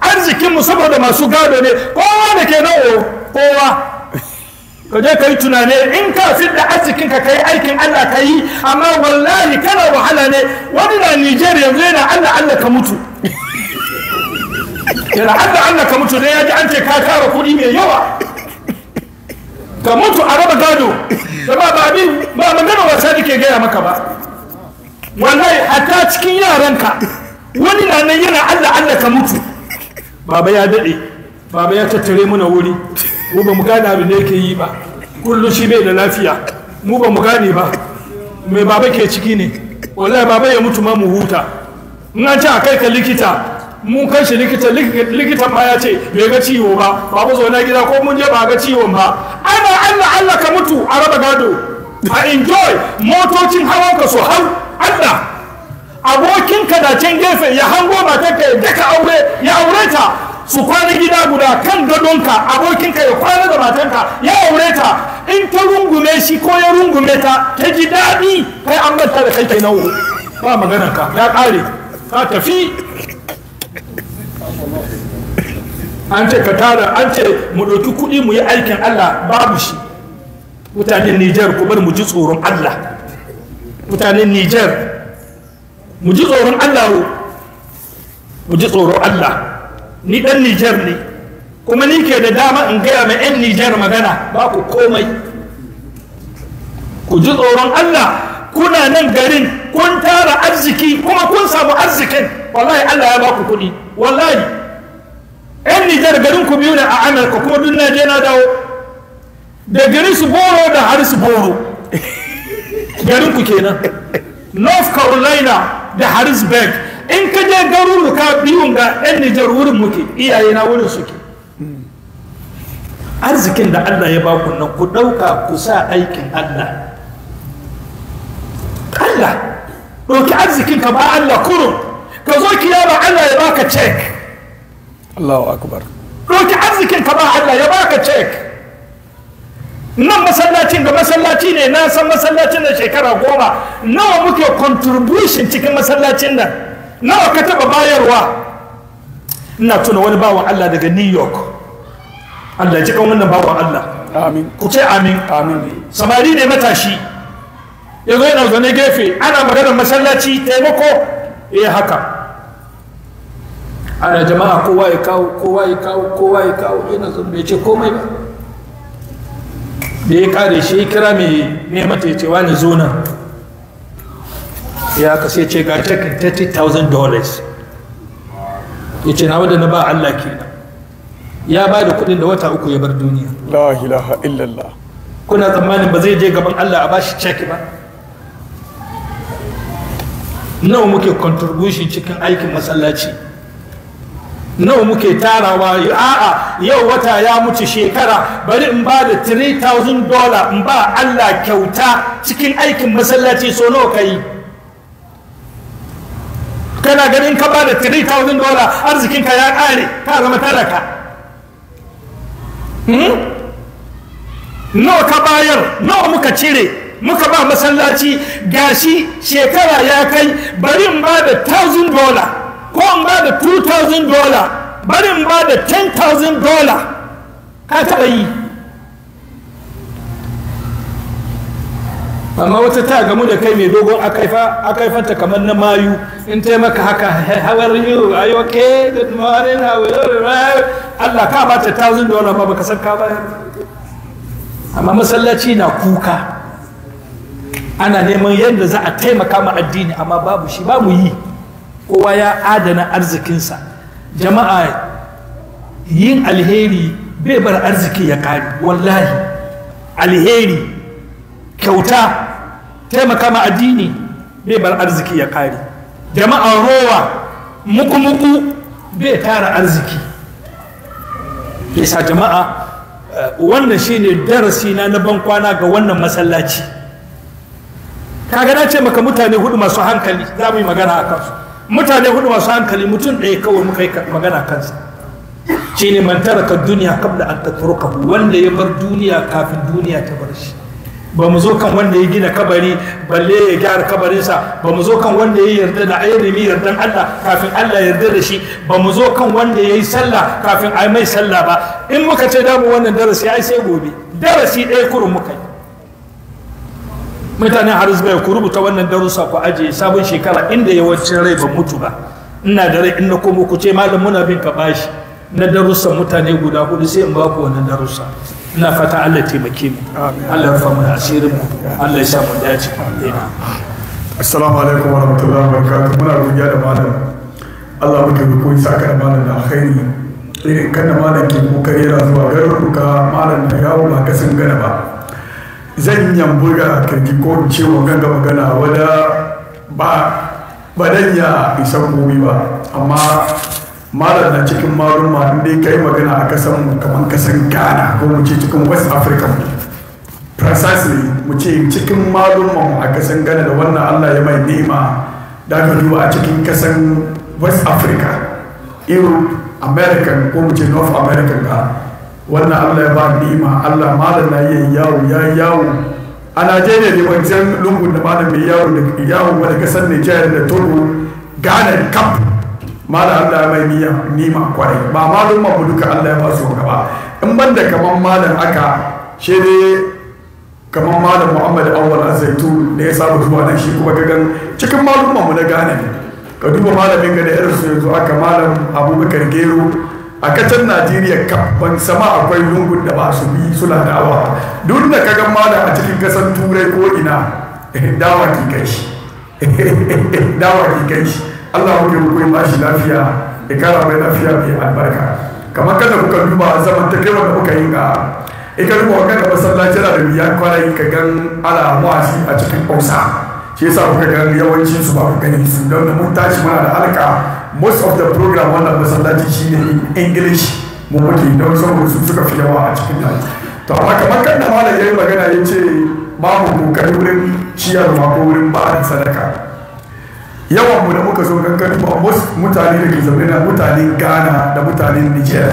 S2: arzikin mu saboda masu gado ne kowa da ke nan oh, kowa ka je ka tunane in ka da arzikin ka kai aikin Allah ka yi amma wallahi kana wahala ne wani na Nijar yanzu yana Allah Allah ka mutu yana hada Allah ka mutu dai ya ji an ce ka tara kuɗi mai yawa ka mutu a raba gado da ba ba abin ba magana wasa da ke gaya maka ba wallahi hatta cikin yaranka wani na nan yana Allah Allah ka mutu baba ya daɗe baba ya tattare mana wuri Mu ba mu gane abin da yake yi ba kullum shi bai da lafiya mu ba mu gane ba mai baba ke ciki ne wallahi baba ya mutu ma mu huta in an ci a kai ka likita mun kai shi likita likitan ma ya ce bai ga ciwo ba ba mu zauna gida ko mun je ba ga ciwon ba ana allah allah ka mutu a raba gado a enjoy motocin hawan ka su hau allah abokinka da can gefe ya hango matarka ya daka aure ya aure ta su kwana gida guda kan gadon ka abokin ka ya kwana da matanka ya aure ta in ta rungume shi ko ya rungume ta ta ji daɗi kai an manta da kai kenan ba magana ka ya ƙare ka tafi an ce ka tara an ce mu ɗauki kuɗi mu yi aikin Allah babu shi mutanen Nijar ku bar mu ji tsoron Allah mutanen Nijar mu ji tsoron Allah mu ji tsoron Allah ni ɗan Nijar ne kuma ni ke da dama in gaya ma 'yan Nijar magana ba ku komai ku ji tsoron Allah kuna nan garin kun tara arziki kuma kun samu arzikin wallahi Allah ya ba ku kuɗi wallahi 'yan nijar garin ku biyu ne a amurka kuma duk na je na dawo da garin su boro da har su boro garin ku kenan north carolina da harrisburg in ka je garin ka biyun ga 'yan nijar wurin muke iyaye na wurin suke arzikin da allah ya baku nan ku ɗauka ku sa aikin allah allah ɗauki arzikin ka ba allah kurun ka zo kiyama allah ya baka cek
S1: Allahu akbar
S2: roki arzikin ka ba Allah ya baka cek nan masallacin da masallaci ne na san masallacin da shekara goma nawa muke contribution cikin masallacin nan nawa ka taba bayarwa ina tuna wani bawan Allah daga New York Allah ji kan wannan bawan Allah amin ku ce amin amin samari ne matashi yanzu yana zane gefe ana maganar masallaci taimako eh haka ana jama'a kowa ya kawo kowa ya kawo kowa ya kawo yana zan bai ce komai ba bai ya kare shi kira mai mai mata ya ce wani zo nan ya ka sai ce ga cikin 30,000 dollars ya ce na da na ba Allah ke ya ba da kudin da wata uku ya bar duniya la ilaha illallah kuna tsammanin ba zai je gaban Allah a ba shi cek ba nawa muke contribution cikin aikin masallaci nawa muke tarawa a'a yau wata ya mutu shekara bari in ba da 3000 dollar in ba Allah kyauta cikin aikin masallaci so nawa kai kana ganin ka ba da 3000 dollar arzikin ka ya kare ka zama taraka. hmm? nawa ka bayar nawa muka cire muka ba masallaci gashi shekara ya kai bari in ba da 1000 dollar ko in ba da 2000 bari in ba da 10000 dola ka taɓa yi amma wata ta gamu da kai mai dogon akaifanta kamar na mayu in taimaka haka how yi you are da okay good morning how are you Allah ka ba ta thousand ba ba baka san ka bayar amma masallaci na kuka ana neman yadda za a taimaka ma addini amma babu shi babu yi kowa ya adana arzikinsa jama'a yin alheri bai bar arziki ya kari wallahi alheri kyauta taimaka addini bai bar arziki ya kari jama'a rowa muku-muku bai tara arziki bisa jama'a eh, wannan shine darasi na na bankwana ga wannan masallaci kaga na ce maka mutane hudu masu hankali za mu yi magana a kansu mutane hudu masu hankali mutum ɗaya kawai muka yi magana kansa shi ne man duniya kabla an tatruka wanda ya bar duniya kafin duniya ta bar shi ba mu zo kan wanda ya gina kabari balle ya gyara kabarinsa ba mu zo kan wanda ya yarda da ayyami yardan Allah kafin Allah yarda da shi ba mu zo kan wanda ya yi sallah kafin a mai sallah ba in muka ce damu wannan darasi ai sai gobe darasi ɗaya kurun muka yi mutanen haris bai ku rubuta wannan darussa ku ajiye sabon shekara inda yawancin rai ba mutu ba ina da rai in na komo ku ce malam muna bin ka bashi na darussan mutane guda hudu sai in baku wannan darussa ina fata Allah taimake mu Allah ya mu
S1: asirin mu Allah ya sa mu dace assalamu alaikum warahmatullahi wabarakatuh muna rubuta da malam Allah muke roƙo ya ka da malam da alkhairi irin kan da malam ke kokari zuwa garuruka malam da yawo ba kasin gana ba zan yambuga ga ji ko cewa ganga magana wadda ba ba dan ya isa gobe ba amma malar na cikin marun ma dai kai magana a kasan mu kamar kasan Ghana ko mu ce cikin West Africa mu precisely mu ce cikin marun ma a kasan Ghana da wannan Allah ya mai nema da ka duba a cikin kasan West Africa Europe American ko mu ce North American ga wannan allah ya ba ni'ima allah malam na yin yawo ya yawo a najeriya ne wancan lungun da malam mai yawo da yawo wani kasar nigeria da togo ghana kap malam allah ya mai ni'ima kwarai ba malum ma duka allah ya ba su gaba in ban da kaman malam aka shi ne kamar malam muhammad awwal azaitu da ya saba zuwa nan shi kuma gagan cikin malam mu na gane ka duba malamin ga da irin su yanzu aka malam abubakar gero a kacan najeriya ban sama akwai lungun da ba su bi suna dawa duk da ka gama malam a cikin kasan turai ko ina eh, dawa ki kai shi [laughs] dawa kai shi allah ya hukuri ba shi lafiya ya kara mai lafiya mai albarka kamar kada kuka duba zaman ta kai wanda muka yi ga ita duba wa da masallaci yana da wuya yi ka gan ala mawasi a cikin ƙausa shi yasa kuka gan yawancin su ba ku gani su don da mun tashi muna da alka most of the program wannan masallaci shi ne english mu muke don saboda su suka fi yawa a cikin ta to amma kamar kan da malam yayi magana ya ce babu kokari wurin ciyarwa ko wurin ba'an sadaka yawan mu da muka zo gangan ba most mutane da ke zaune na mutanen ghana da mutanen niger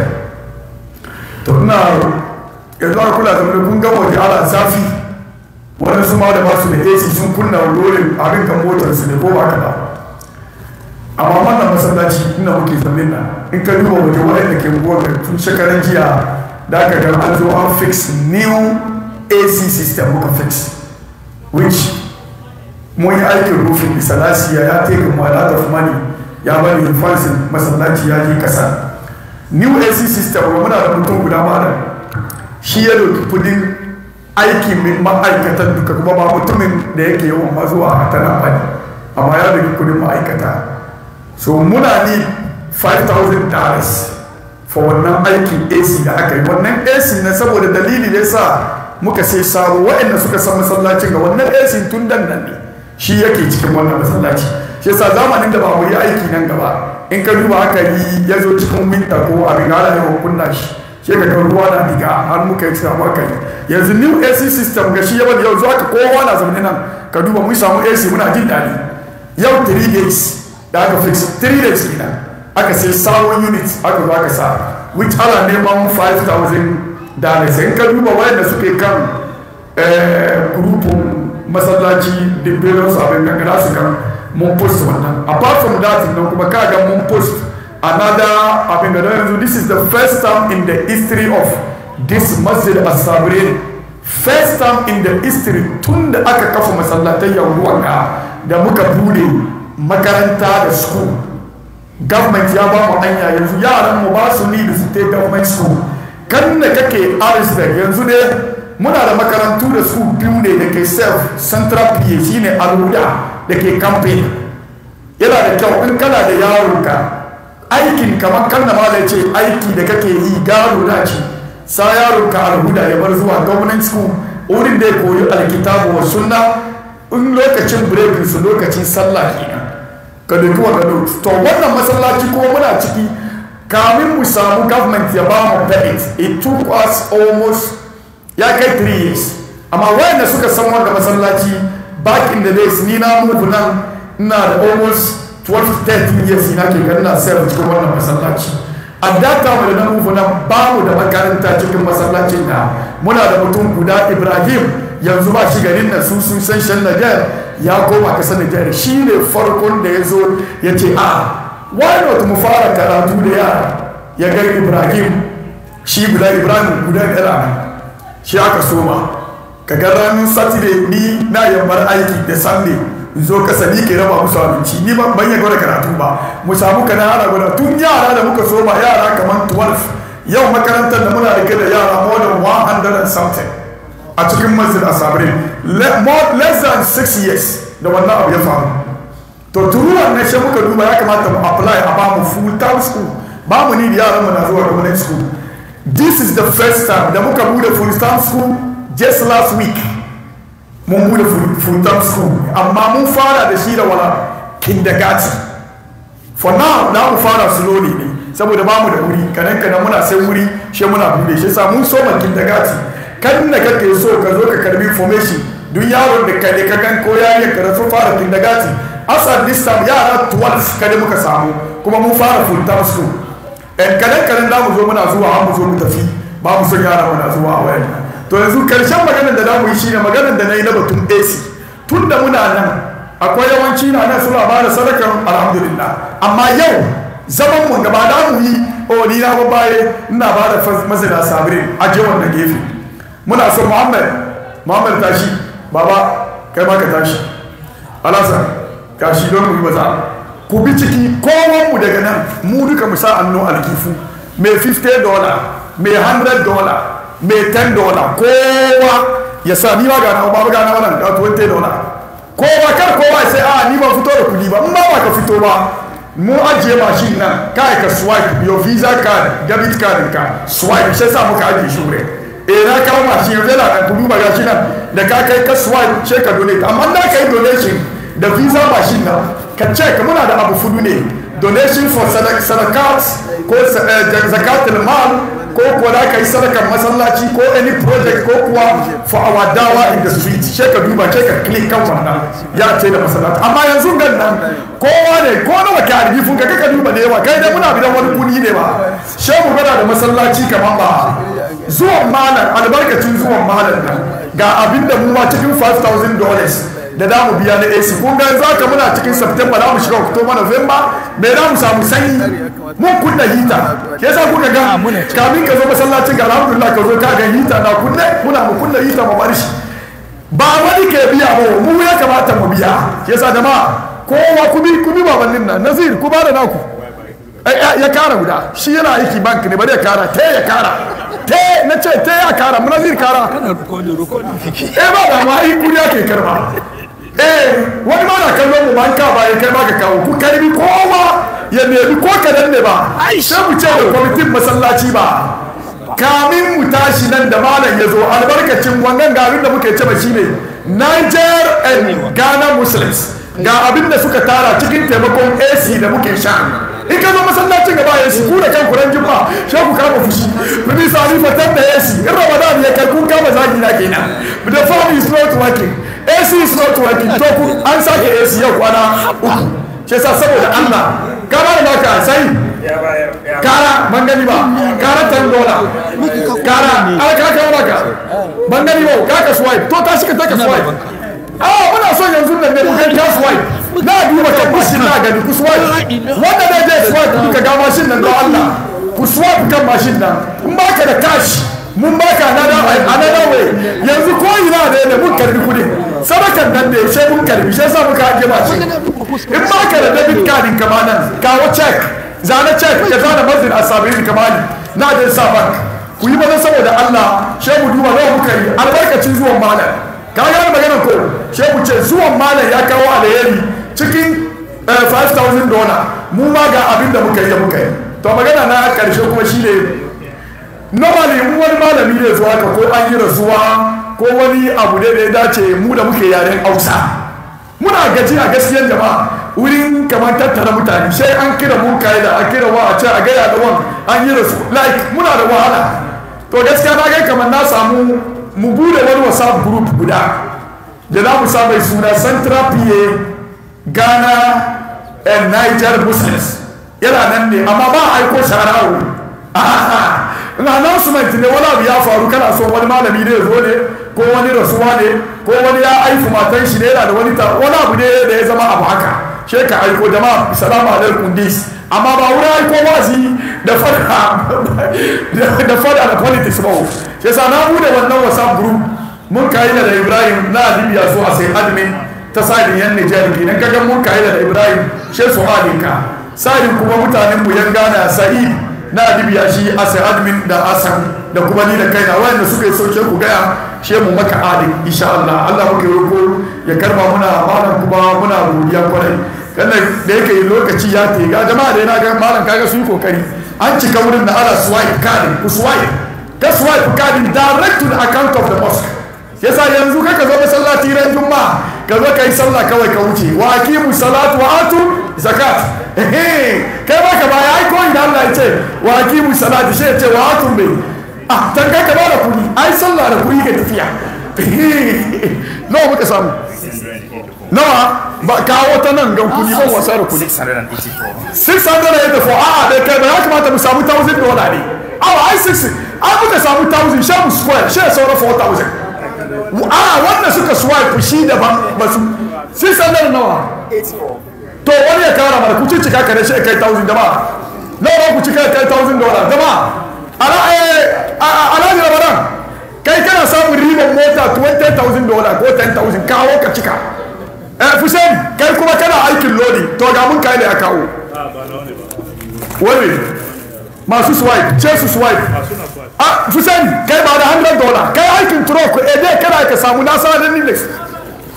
S1: to ina yanzu a kula zaune kun ga waje ala zafi wani su ma da ba su da ac sun kunna rolin a kan motar su ne ko ba ka ba
S2: amma na masallaci
S1: ina muke sallin na in ka duba waje da ke gogar tun shekaran jiya da aka gano an zo an fix new ac system muka fix which mun yi aikin rufin isa lasiya ya take mu a lot of money ya bani infansin masallaci ya yi kasa new ac system wa muna da mutum guda mara shi ya doki kudin aiki ma'aikatan duka kuma ba mutumin da yake yawan mazuwa a tana bane amma ya doki kudin ma'aikata so muna ni 5000 dollars for wannan aikin ac da aka yi wannan ac na saboda dalili da sa muka sai sabo waɗanda suka san masallacin ga wannan ac tun dan nan ne shi yake cikin wannan masallaci shi yasa zamanin da ba mu yi aiki nan gaba in ka duba haka yi ya zo cikin minta ko a rigara ne yawan kunna shi shi ka ga ruwa na diga har muka yi samu aka yi yanzu new ac system ga shi ya bada yau zuwa ka kowa na zaune nan ka duba mun samu ac muna jin daɗi yau 3 days da aka fix 3 days kenan aka sai sawon unit aka zo aka sa which ala neman 5000 dollars in ka duba wayanda suke kan eh, grupun masallaci da su sabon nan za su kan mun post wannan apart from that nan kuma ka ga mun post another abin da yanzu this is the first time in the history of this masjid a sabrin first time in the history tun da aka kafa masallatan yahudu wanga da muka bude makaranta da school government ya ba mu hanya yanzu yaran mu ba su ni da su take government school kan ne kake yanzu ne muna da makarantu da su biyu ne da ke self central pa shine aluda da ke campaign yana da kyau in kana da yaro aikin kamar kan da ce aiki da kake yi gado da ci sa yaron ka alhuda ya bar zuwa government school wurin da ya koyi alkitabu wa sunna in lokacin breakin su lokacin sallah nan ka wa wannan to wannan masallaci kuma muna ciki kamin mu samu government ya ba mu permit it took us almost ya kai 3 years amma wayanda suka san wanda masallaci back in the days ni na muku nan ina da almost 12-13 years ina ke na sayar cikin wannan masallaci a data mu da na muku nan ba mu da makaranta cikin masallacin da muna da mutum guda ibrahim yanzu ba shi garin na su sun san shan Niger ya koma san Niger shi ne farkon da ya zo ya ce a ah, why not mu fara karatu da yara ya ga Ibrahim shi guda Ibrahim guda gara shi aka soma kaga ranar Saturday ni na yambar aiki da Sunday zo ka sani ke raba musu abinci ni ban ban gwada karatu ba mu samu na yara gwada tun yara da muka soma yara kamar 12 yau makarantar da muna da da yara more than 100 something a cikin masjid a sabirin less than six years da wannan abu ya faru to turuwan na shi muka duba ya kamata mu apply a bamu full time school bamu ni da yaran mu na zuwa government school this is the first time da muka bude full time school just last week mun bude full time school amma mun fara da shi da wala kindergarten for now na mu fara slowly ne saboda bamu da wuri kanan kanan muna sai wuri shi muna bude shi sa mun soma kindergarten kan da kake so ka zo ka karbi information duk yaron da ka ka gan ko ya ka rasu fara kindergarten asal this time yara 12 kada muka samu kuma mun fara fultar su ɗan kanan-kanan da mu zo muna zuwa mu zo mu tafi ba mu son yara muna zuwa a wayan to yanzu karshen maganar da za mu yi shine maganar da na yi na batun AC tun da muna nan akwai yawanci na nan suna ba da alhamdulillah amma yau zaman mu gaba da mu yi o oh, ni na babaye ina ba da mazina sabirin a je wannan gefe muna son muhammad muhammad tashi baba kai ma ka tashi alasan kashi don mu yi maza ku bi ciki kowan mu daga nan mu duka mu sa annu alkifu mai 50 dola mai 100 dola mai 10 dola kowa ya sa ni ma gana ba gana wannan ga 20 dola kowa kar kowa sai a ah, ni ba fito da kudi ba in ba ka fito ba mu ajiye mashin nan kai ka swipe your visa card debit card ka swipe sai sa muka ajiye shure eh na kawo masu yanzu yana nan ku gashi nan da ka kai ka swipe ce ka donate amma na ka yi donation da visa machine na ka ka muna da abu fudu ne donation for sadakat ko eh, zakatul mal ko kuwa da ka yi sadakar masallaci ko any project ko kuwa for our dawa in the street she ka duba she ka click kan wannan ya ce da masallaci amma yanzu gan nan kowa ne ko nawa ka arbi fun ka ka duba da yawa kai dai muna bidan wani kuni ne ba she mu gada da masallaci kamar ba zuwan malam albarkacin zuwan malam nan ga abinda mu ma cikin 5000 dollars da damu mu biya na AC kun ga za ka muna cikin September za mu shiga October November me za mu samu sanyi mun kunna hita ke sa kuka ga ah, kamin ka zo masallacin alhamdulillah ka zo ka ga hita na kunne muna mu kunna hita mu bar shi ba wani ke biya ba mu ya kamata mu biya ke sa jama'a kowa ku bi ku bi babannin nan nazir ku ba da naku eh, eh, ya kara guda shi yana aiki bank ne bari ya kara te ya kara te na ce te ya kara Mu Nazir kara eh ba da ma in kuriya ke karba eh wani ma na kallon mu ban ka bayan kai maka ka kawo ku karbi kowa ya nemi ko ka ne ba sai mu ce da kwamitin masallaci ba kamin mu tashi nan da malam ya zo albarkacin wannan garin da muke cewa shine Niger and Ghana Muslims ga abin da suka tara cikin taimakon AC da muke sha in ka zo masallacin gaba ya shi ku da kan kuran juma'a sai ku kama fushi bibi sani fatan da AC in Ramadan ya kai kun kama zagi na kenan the form is not working AC is not working to ku an sake AC yau kwana she shi sa saboda Allah ka ba da ka sai kara ban gani ba kara tangola kara alka ka ba ka ban gani ba ka ka swipe to ta shi ka ta ka swipe ah, a muna son yanzu da ne kai ka swipe na duba ka kushin na gani ku swipe wanda ne zai swipe duka ga mashin nan da Allah ku swipe kan mashin nan in ba ka da cash mun baka another way yanzu ko ina da yadda mun karbi kudin sadakan nan da sai mun karbi sai sa muka aje ba shi in ba ka da debit card ka ma nan kawo check zane check ya zana mazin asabi kamali na da sa bank ku yi maza saboda Allah sai mu duba nawa muka yi albarkacin zuwan malam ka ga magana ko sai mu ce zuwan malam ya kawo alheri cikin 5000 eh, dola mu ma ga abin da muka yi da muka yi to magana na karshe kuma shi ne normally wani malami ne zuwa ka ko an yi rasuwa ko wani abu ne da ya dace mu da muke yaren hausa muna gajiya gaskiyar jama'a wurin kamar tattara mutane sai an kira mu da a kira wa a ce a gaya da wan an yi rasu like muna da wahala to gaskiya na ga kamar na samu mu bude wani whatsapp group guda da za mu samu suna central pa ghana and niger business yana nan ne amma ba aiko sharawo [laughs] a'a announcement ne wani abu ya faru kana son wani malami ne zo ne ko wani rasuwa ne ko wani ya aiki matan shi ne yana da wani ta wani abu ne da ya zama abu haka shi ka aiko jama'a salamu alaikum dis amma ba wani aiko wazi da fada da fada da politics ba shi yasa na bude wannan whatsapp group mun kai da Ibrahim na Libya so a sai admin ta sadin yan Nijar idan kaga mun kai da Ibrahim shi so halinka sadin kuma mutanen mu yan Ghana Sa'id na Libya shi a sai admin da Asan da kuma ni da kaina wayanda suka yi sauke ku gaya she mu maka adi insha Allah Allah muke roko ya karba muna malam kuma muna godiya kwarai kana da yake lokaci ya te ga jama'a da yana ga malam kaga su yi kokari an cika wurin da ala swipe card ku swipe ka swipe card direct to the account of the mosque yasa yanzu kaka zo sallati ran juma ka zo kai sallah kawai ka wuce wa aqimu salatu wa atu zakat kai ka baya ai ko inda Allah ya ce wa aqimu salati shi ya ce wa atu bai Ah, a tanga ka ba da kuri ai sallah da kuri ga tafiya [laughs] nawa muka samu nawa ba kawo ta nan gan kuri ban wasa da kuri 684 a a da kai ba ya kamata mu samu 1000 dola ne awa ai 6 an muka samu 1000 shan square shi sha saura 4000 a wannan suka swipe shi da ba su 600 nawa to wani ya kara mana ku ci cika kare shi kai 1000 da ba nawa ku cika kai 1000 dola da ba Eh, eh, alhaji ramadan kai kana samun ribar mota 20,000 dola ko 10,000 kawo ka cika eh kai kuma kana aikin lodi to ga mun kai ne a kawo wani masu swipe ce su swipe a ah, kai ba da 100 dola kai aikin truck eh dai kana ka samu na sanar da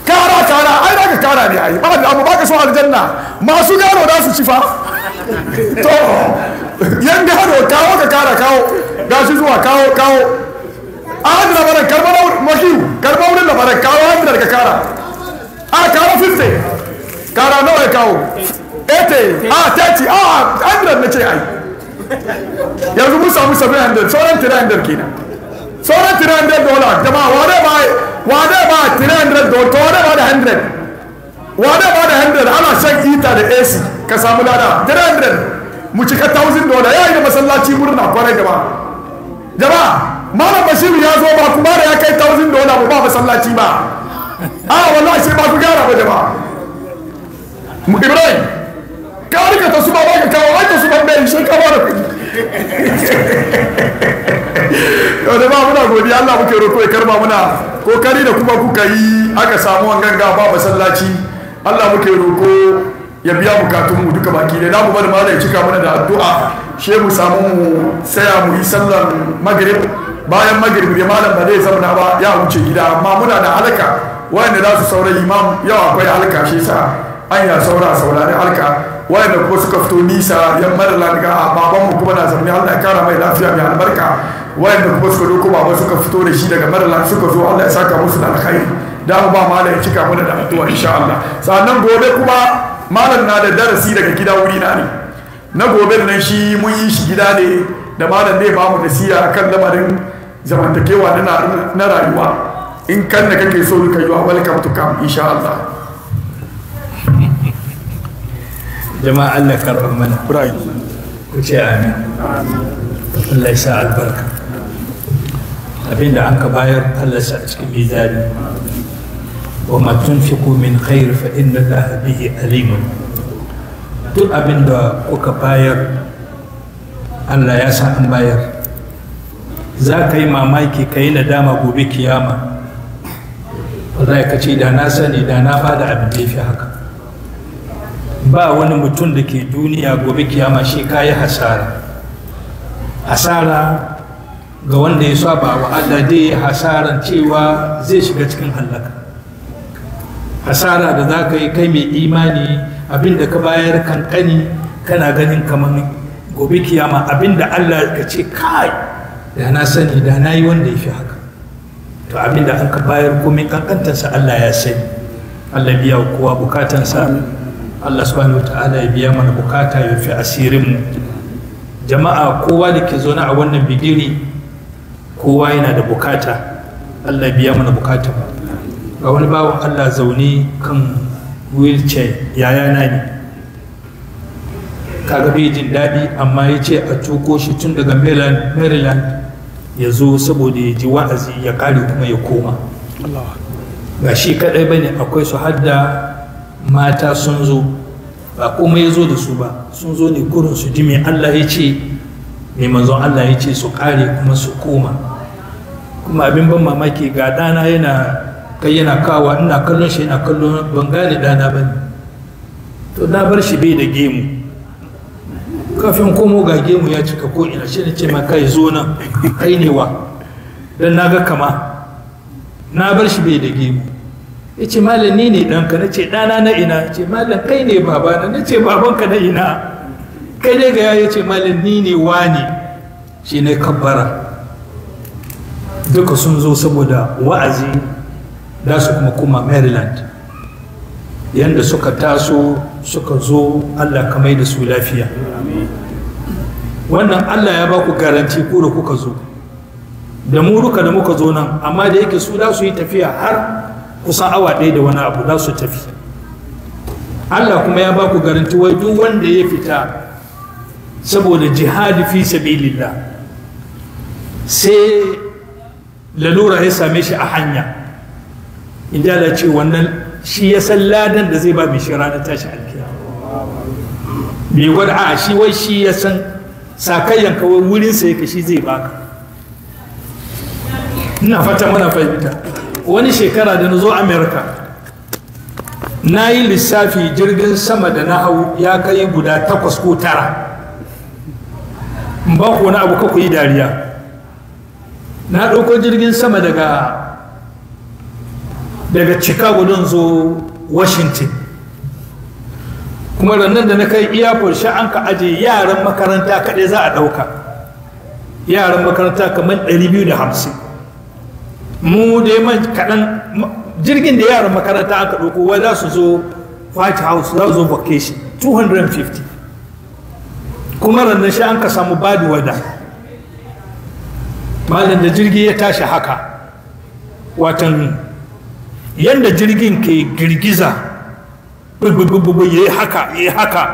S1: kara kara ai za ka kara ne ai ba abu ba ka so aljanna masu gano da su ci fa to yan gano kawo ka kara kawo gashi zuwa kawo kawo a hajji labaran karba makiyu karba wurin labaran kawo hajji ka kara a kawo 50 kara nawa ya kawo a 30 a 100 na ce ai yanzu mun samu 700 sauran 300 kenan sauran 300 dola jama'a wane ba wane ba 300 da wata wane ba da 100 wane ba da 100 ana shan ita da ac ka samu lada 300 mu cika 1000 dola ya yi da masallaci murna kwarai gaba jama malam bashir ya zo ba kuma da ya kai 1000 dola mu ba masallaci ba a ah, wallahi sai ba ku gyara ba mu ibrahim ka rika ta su ba ba ka kawo ai ta su ban bai shi ka ba da kuɗi yau da ba muna godiya Allah muke roƙo ya karba muna kokari da kuma kuka yi aka samu wangan ga ba masallaci Allah muke roƙo ya biya bukatun mu duka baki da namu da mala ya cika mana da addu'a she mu samu mu saya mu yi sallar magrib bayan magrib ya malam ba zai zama ba ya wuce gida amma muna da halaka wayanda za su saurayi imam yau akwai halaka shi sa anya saura saurari alka da kuma suka fito nisa yan mara langa a ah, baban mu kuma na zaune Allah ya kara mai lafiya mai albarka da kuma suka doko baba suka fito da shi daga mara langa suka zo Allah ya saka musu da alkhairi da mu ba mala ya cika mana da mutuwa insha Allah sannan gobe kuma malam na da darasi daga gida wuri na ne na gobe nan shi mun yi shi gida ne da malam ne ba mu siya kan lamarin zamantakewa na rayuwa in kan da kake so ka yi wa welcome to come insha Allah
S2: jama'a Allah karɓar mana ku ce amin Allah ya sa albarka abinda an ka bayar fallasa a cikin mizani wa ma tun tunfiqu min khair fa inna Allah bihi alimu? duk abinda kuka bayar Allah ya sa an bayar za ka yi mamaki ka yi nadama gobe kiyama wallahi ka ce da na sani da na bada abin da ya fi haka ba wani mutum da ke duniya gobe kiyama shi kayi hasara hasara
S1: ga wanda ya saba
S2: wa Allah ya hasaran cewa zai shiga cikin halaka hasara da za ka yi kai mai imani abinda ka bayar kankani kana ganin kamar gobe kiyama abinda Allah ka ce kai da na sani da na yi wanda ya fi haka to abinda an bayar komai kankantarsa Allah ya sani Allah biya kowa bukatansa Allah subhanahu ta'ala ya biya mana bukata ya fi asirinmu jama'a kowa da ke zaune a wannan bigiri kowa yana da bukata Allah ya biya mana bukata ga wani bawan Allah zaune kan wheelchair yaya na ne kaga bai jin daɗi amma ya ce a tuko shi tun daga maryland ya zo saboda ya ji wa'azi ya kare kuma ya koma ba shi kaɗai bane akwai su hadda mata sun zo ba kuma ya zo da su ba sun zo ne gurin su ji mai Allah ya ce mai manzo Allah ya ce su kare kuma su koma kuma abin ban mamaki ga dana yana kai yana kawa ina kallon shi yana kallon ban gane dana ba ne to na bar shi bai da gemu kafin komo ga gemu ya cika ko ina shi ne ce ma kai zo nan kai ne wa don na kama na bar shi bai da gemu ya ce malam ni ne ɗanka na ce ɗana na ina ya ce malam kai ne babana na ce babanka na ina kai ne ga ya ce malam ni ne wani shi ne kabbara duka sun zo saboda wa'azi da su kuma kuma maryland yadda suka taso suka zo allah ka mai da su lafiya wannan allah ya ba ku garanti ko da kuka zo da mu ruka da muka zo nan amma da yake su da su yi tafiya har kusan awa ɗaya da wani abu za su tafi allah kuma ya ba ku garanti wai duk wanda ya fita saboda jihadi fi sabilillah sai lalura ya same shi a hanya in da ce wannan shi ya san ladan da zai ba mai shi ranar tashi alkiya bai gwada a shi wai shi ya san sakayyan kawai wurinsa yake shi zai baka ina fata mana fahimta wani shekara da na zo america na yi lissafi jirgin sama da na hau ya kai guda takwas ko tara ba ku wani abu kaku yi dariya na ɗauko jirgin sama daga daga chicago don zo washington kuma rannan da na kai iyakon sha'an ka aje yaran makaranta kaɗai za a ɗauka yaran makaranta kamar 250 mu dai man kaɗan jirgin da yaran makaranta aka ɗauko wai za su zo white house za su zo vacation 250 kuma rannan shi an ka samu badi wada malam da jirgi ya tashi haka watan yadda jirgin ke girgiza bubububu ya yi haka ya yi haka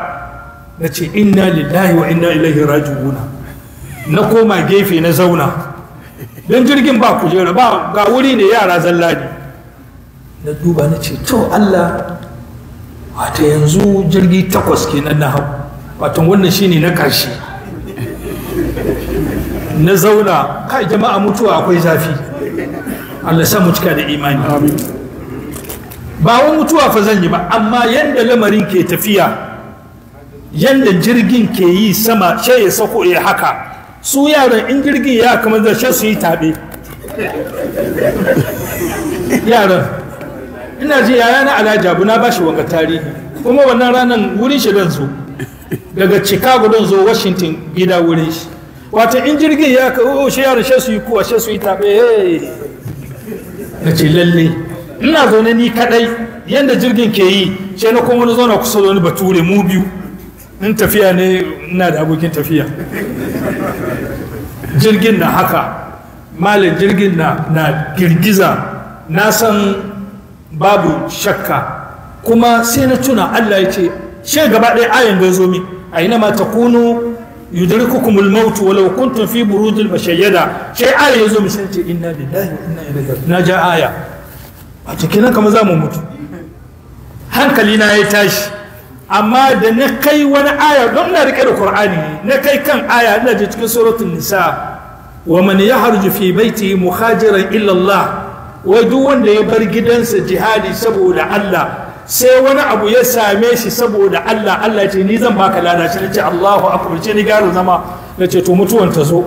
S2: na ce inna lillahi wa inna ilaihi raji'una na koma gefe na zauna don jirgin ba kujera ba ga wuri ne yara zallani na duba na ce to allah wata yanzu jirgi takwas kenan na hau wata wannan shi ne na karshe na zauna kai jama'a mutuwa akwai zafi allah sa cika da imani ba wa mutuwa fa zan yi ba amma yadda lamarin ke tafiya yadda jirgin ke yi sama sai ya sako ya haka su yaran in jirgin ya kamar shan su yi taɓe yaran ina ji yaya na alhaji abu na bashi wanga tarihi kuma wannan ranar wurin shi don zo daga chicago don zo washington gida wurin shi wata in jirgin ya ka o oh, shi yaran she su yi kuwa shan su yi taɓe na ce lalle ina zaune ni kaɗai yadda jirgin ke yi she na kuma wani zauna kusa da wani bature mu biyu in tafiya ne ina da abokin tafiya jirgin na haka malin jirgin na na girgiza na san babu shakka kuma sai na tuna allah ya ce shi gaba ɗaya ayan ga zomi a yi ina ma kunu yudrikukum al mautu wala kuntum fi buruj al-mashayyada shi aya yazo mu sai ce inna lillahi wa inna ilaihi raji'un na ja aya a cikin nan kamar za mu mutu hankali na ya tashi amma da na kai wani aya don na rike da qur'ani na kai kan aya ina je cikin suratul nisa wa man yahruju fi baiti muhajiran illa Allah wai duk wanda ya bar gidansa jihadi saboda Allah sai wani abu ya same shi saboda Allah Allah ce ni zan baka lada shi ce Allahu akbar ce ni garo zama ce to mutuwan ta zo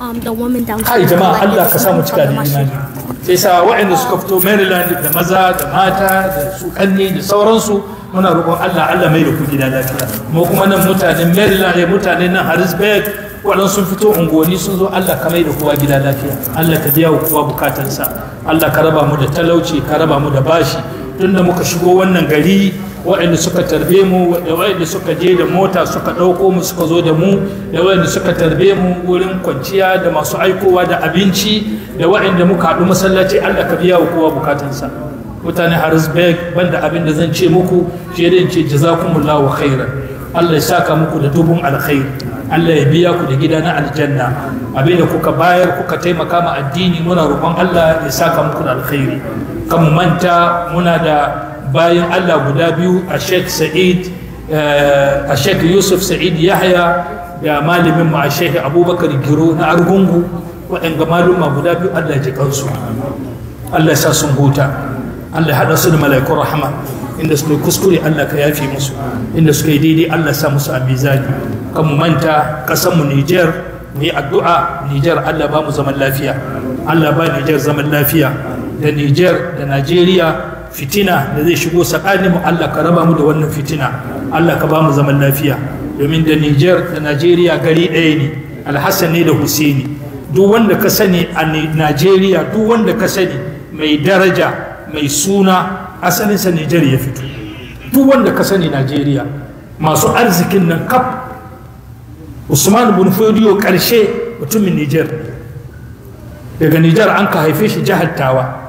S2: um, jama'a Allah ka sa mu cika da imani. sai sa wa'anda suka fito maryland da maza da mata da su kanni da sauransu muna roƙon allah allah mai da ku gida lafiya mu kuma nan mutanen maryland ya mutanen nan harrisburg waɗansu sun fito unguwanni sun zo allah ka mai da kowa gida lafiya allah ka biya wa kowa bukatansa allah ka raba mu da talauci ka raba mu da bashi tunda muka shigo wannan gari waɗanda suka tarbe mu da suka je da mota suka ɗauko mu suka zo da mu da waɗanda suka tarbe mu wurin kwanciya da masu aikowa da abinci da waanda muka haɗu masallaci Allah ka biya wa kowa bukatansa. mutane Harrisburg banda abin da zan ce muku shi da in ce jazakumullahu khairan Allah ya saka muku da dubun alkhairi Allah ya biya ku da gida na aljanna abinda kuka bayar kuka taimaka ma addini muna roƙon Allah ya saka muku da alkhairi kan manta muna da bayan allah guda biyu a sheikh sa'id eh, a sheikh yusuf sa'id yahya da malamin mu a sheikh abubakar giro na argungu waɗanda maluma guda biyu allah ji kansu allah sa sun huta allah haɗa su da malaikun rahama inda suka yi kuskure allah ka yafe musu inda suka yi daidai allah sa musu a mizani kan mu manta ƙasar mu niger mu yi addu'a niger allah ba mu zaman lafiya allah ba niger zaman lafiya da niger da najeriya fitina da zai shigo tsakanin mu Allah ka raba mu da wannan fitina Allah ka ba mu zaman lafiya domin da Niger da Najeriya gari ɗaya ne Alhassan ne da Husaini duk wanda ka sani a Najeriya duk wanda ka sani mai daraja mai suna sa Niger ya fito duk wanda ka sani Najeriya masu arzikin nan kaf Usman bin Fodiyo karshe mutumin Niger daga Niger an ka haife shi jihar Tawa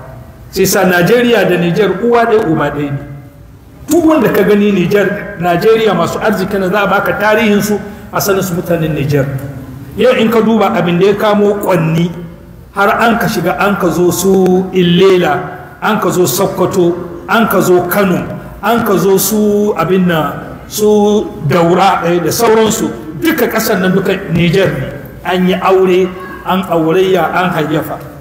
S2: sai sa najeriya da niger uwa ɗaya uba ɗaya ne duk wanda ka gani niger najeriya masu arziki na za a baka tarihinsu a su mutanen niger yau in ka duba abin da ya kamo kwanni har an ka shiga an ka zo su illela an ka zo sokoto an ka zo kano an ka zo su abin na su daura da sauransu duka ƙasar nan duka niger ne an yi aure an aurayya an hayyafa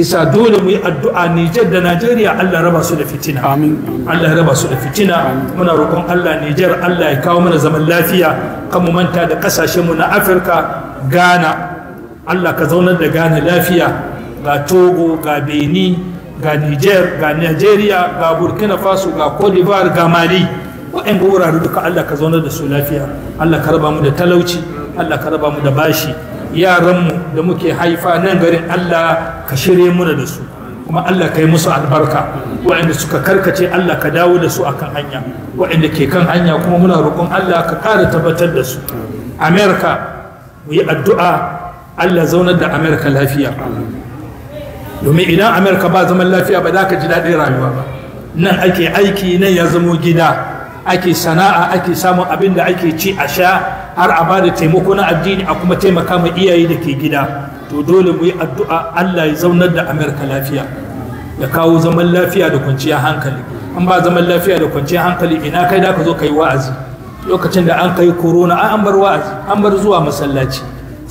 S2: sai sa dole mu yi addu'a Nijar da Najeriya Allah raba su da fitina amin Allah raba su da fitina muna roƙon Allah Nijar Allah ya kawo mana zaman lafiya kan mu manta da kasashen mu na Afirka Ghana Allah ka zaunar da Ghana lafiya ga Togo ga Benin ga Nijar ga Najeriya ga Burkina Faso ga Cote d'Ivoire ga Mali waɗanda wurare duka Allah ka zaunar da su lafiya Allah ka raba mu da talauci Allah ka raba mu da bashi yaranmu da muke haifa nan garin Allah ka shirye mana da su kuma Allah ka yi musu albarka waɗanda suka karkace Allah ka dawo da su akan hanya waɗanda ke kan hanya kuma muna roƙon Allah ka ƙara tabbatar da su Amerika mu yi addu'a Allah zaunar da Amerika lafiya domin idan Amerika ba zaman lafiya ba za ka ji daɗin rayuwa ba nan ake aiki nan ya zamo gida ake sana'a ake samun abin da ake ci a sha har a ba da taimako na addini a kuma taimaka ma iyaye da ke gida to dole mu yi addu'a Allah ya zaunar da Amerika lafiya ya kawo zaman lafiya da kwanciyar hankali an ba zaman lafiya da kwanciyar hankali ina kai da ka zo ka yi wa'azi lokacin da an kai corona an bar wa'azi an bar zuwa masallaci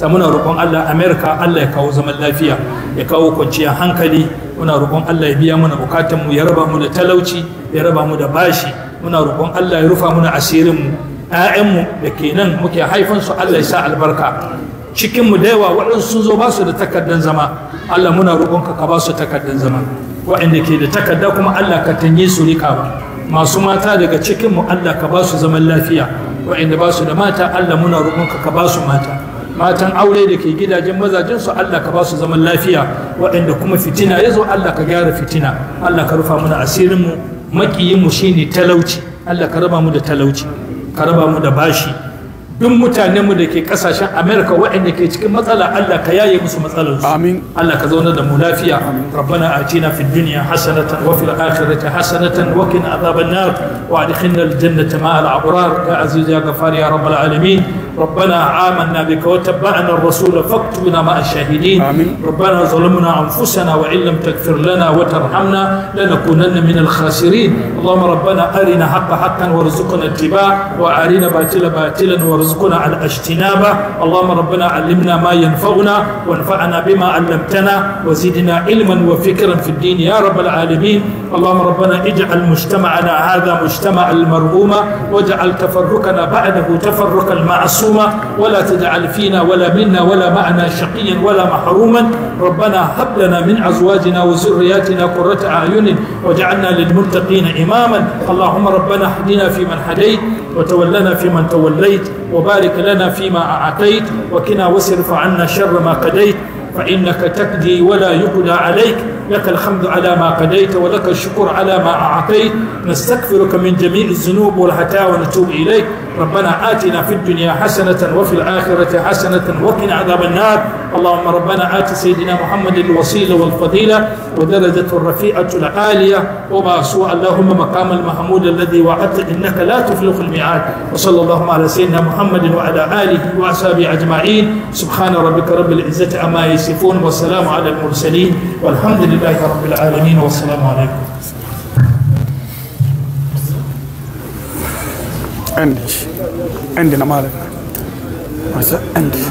S2: Samuna muna roƙon Allah Amerika Allah ya kawo zaman lafiya ya kawo kwanciyar hankali muna roƙon Allah ya biya mana bukatun mu ya raba mu da talauci ya raba mu da bashi muna roƙon Allah ya rufa mana asirin mu 'ya'yanmu da ke nan muke haifansu allah ya sa albarka cikinmu da yawa waɗansu sun zo ba su da takardar zama Allah muna roƙonka ka ba su takardar zama waɗanda ke da takarda kuma Allah ka tanye su rika ba masu mata daga cikinmu Allah ka ba su zaman lafiya waɗanda ba su da mata Allah muna roƙonka ka ba su mata matan aure da ke gidajen mazajen su Allah ka ba su zaman lafiya waɗanda kuma fitina ya zo Allah ka gyara fitina Allah ka rufa mana asirinmu makiyinmu shine talauci Allah ka raba mu da talauci karaba mu da bashi duk mutanen mu da ke kasashen america waɗanda ke cikin matsala allah ka yaye musu matsalar su amin allah ka zauna da mu lafiya rabbana atina fid dunya hasanatan wa fil akhirati hasanatan wa qina adhaban nar wa adkhilna al jannata ma al abrar ya aziz ya ghafar ya rabbal alamin ربنا آمنا بك وتبعنا الرسول فاكتبنا مع الشاهدين ربنا ظلمنا أنفسنا وإن لم تغفر لنا وترحمنا لنكونن من الخاسرين اللهم ربنا أرنا حق حقا وارزقنا اتباعه وأرنا باطلا باطلا وارزقنا على اجتنابه اللهم ربنا علمنا ما ينفعنا وانفعنا بما علمتنا وزدنا علما وفكرا في الدين يا رب العالمين اللهم ربنا اجعل مجتمعنا هذا مجتمع المرؤومة واجعل تفرقنا بعده تفرق المعصوم معصوما ولا تجعل فينا ولا منا ولا معنا شقيا ولا محروما ربنا هب لنا من أزواجنا وذرياتنا قرة أعين وجعلنا للمتقين إماما اللهم ربنا اهدنا فيمن هديت وتولنا فيمن توليت وبارك لنا فيما أعطيت وكنا واصرف عنا شر ما قديت فإنك تقضي ولا يقضى عليك لك الحمد على ما قديت ولك الشكر على ما أعطيت نستغفرك من جميع الذنوب والحتى ونتوب إليك ربنا آتنا في الدنيا حسنة وفي الآخرة حسنة وقنا عذاب النار اللهم ربنا آت سيدنا محمد الوسيلة والفضيلة ودرجة الرفيعة العالية وما سوى اللهم مقام المحمود الذي وعدت إنك لا تفلق الميعاد وصلى اللهم على سيدنا محمد وعلى آله وأصحابه أجمعين سبحان ربك رب العزة أما يسير. يصفون والسلام على المرسلين والحمد لله رب العالمين والسلام عليكم
S1: عندك عندنا مالك عندك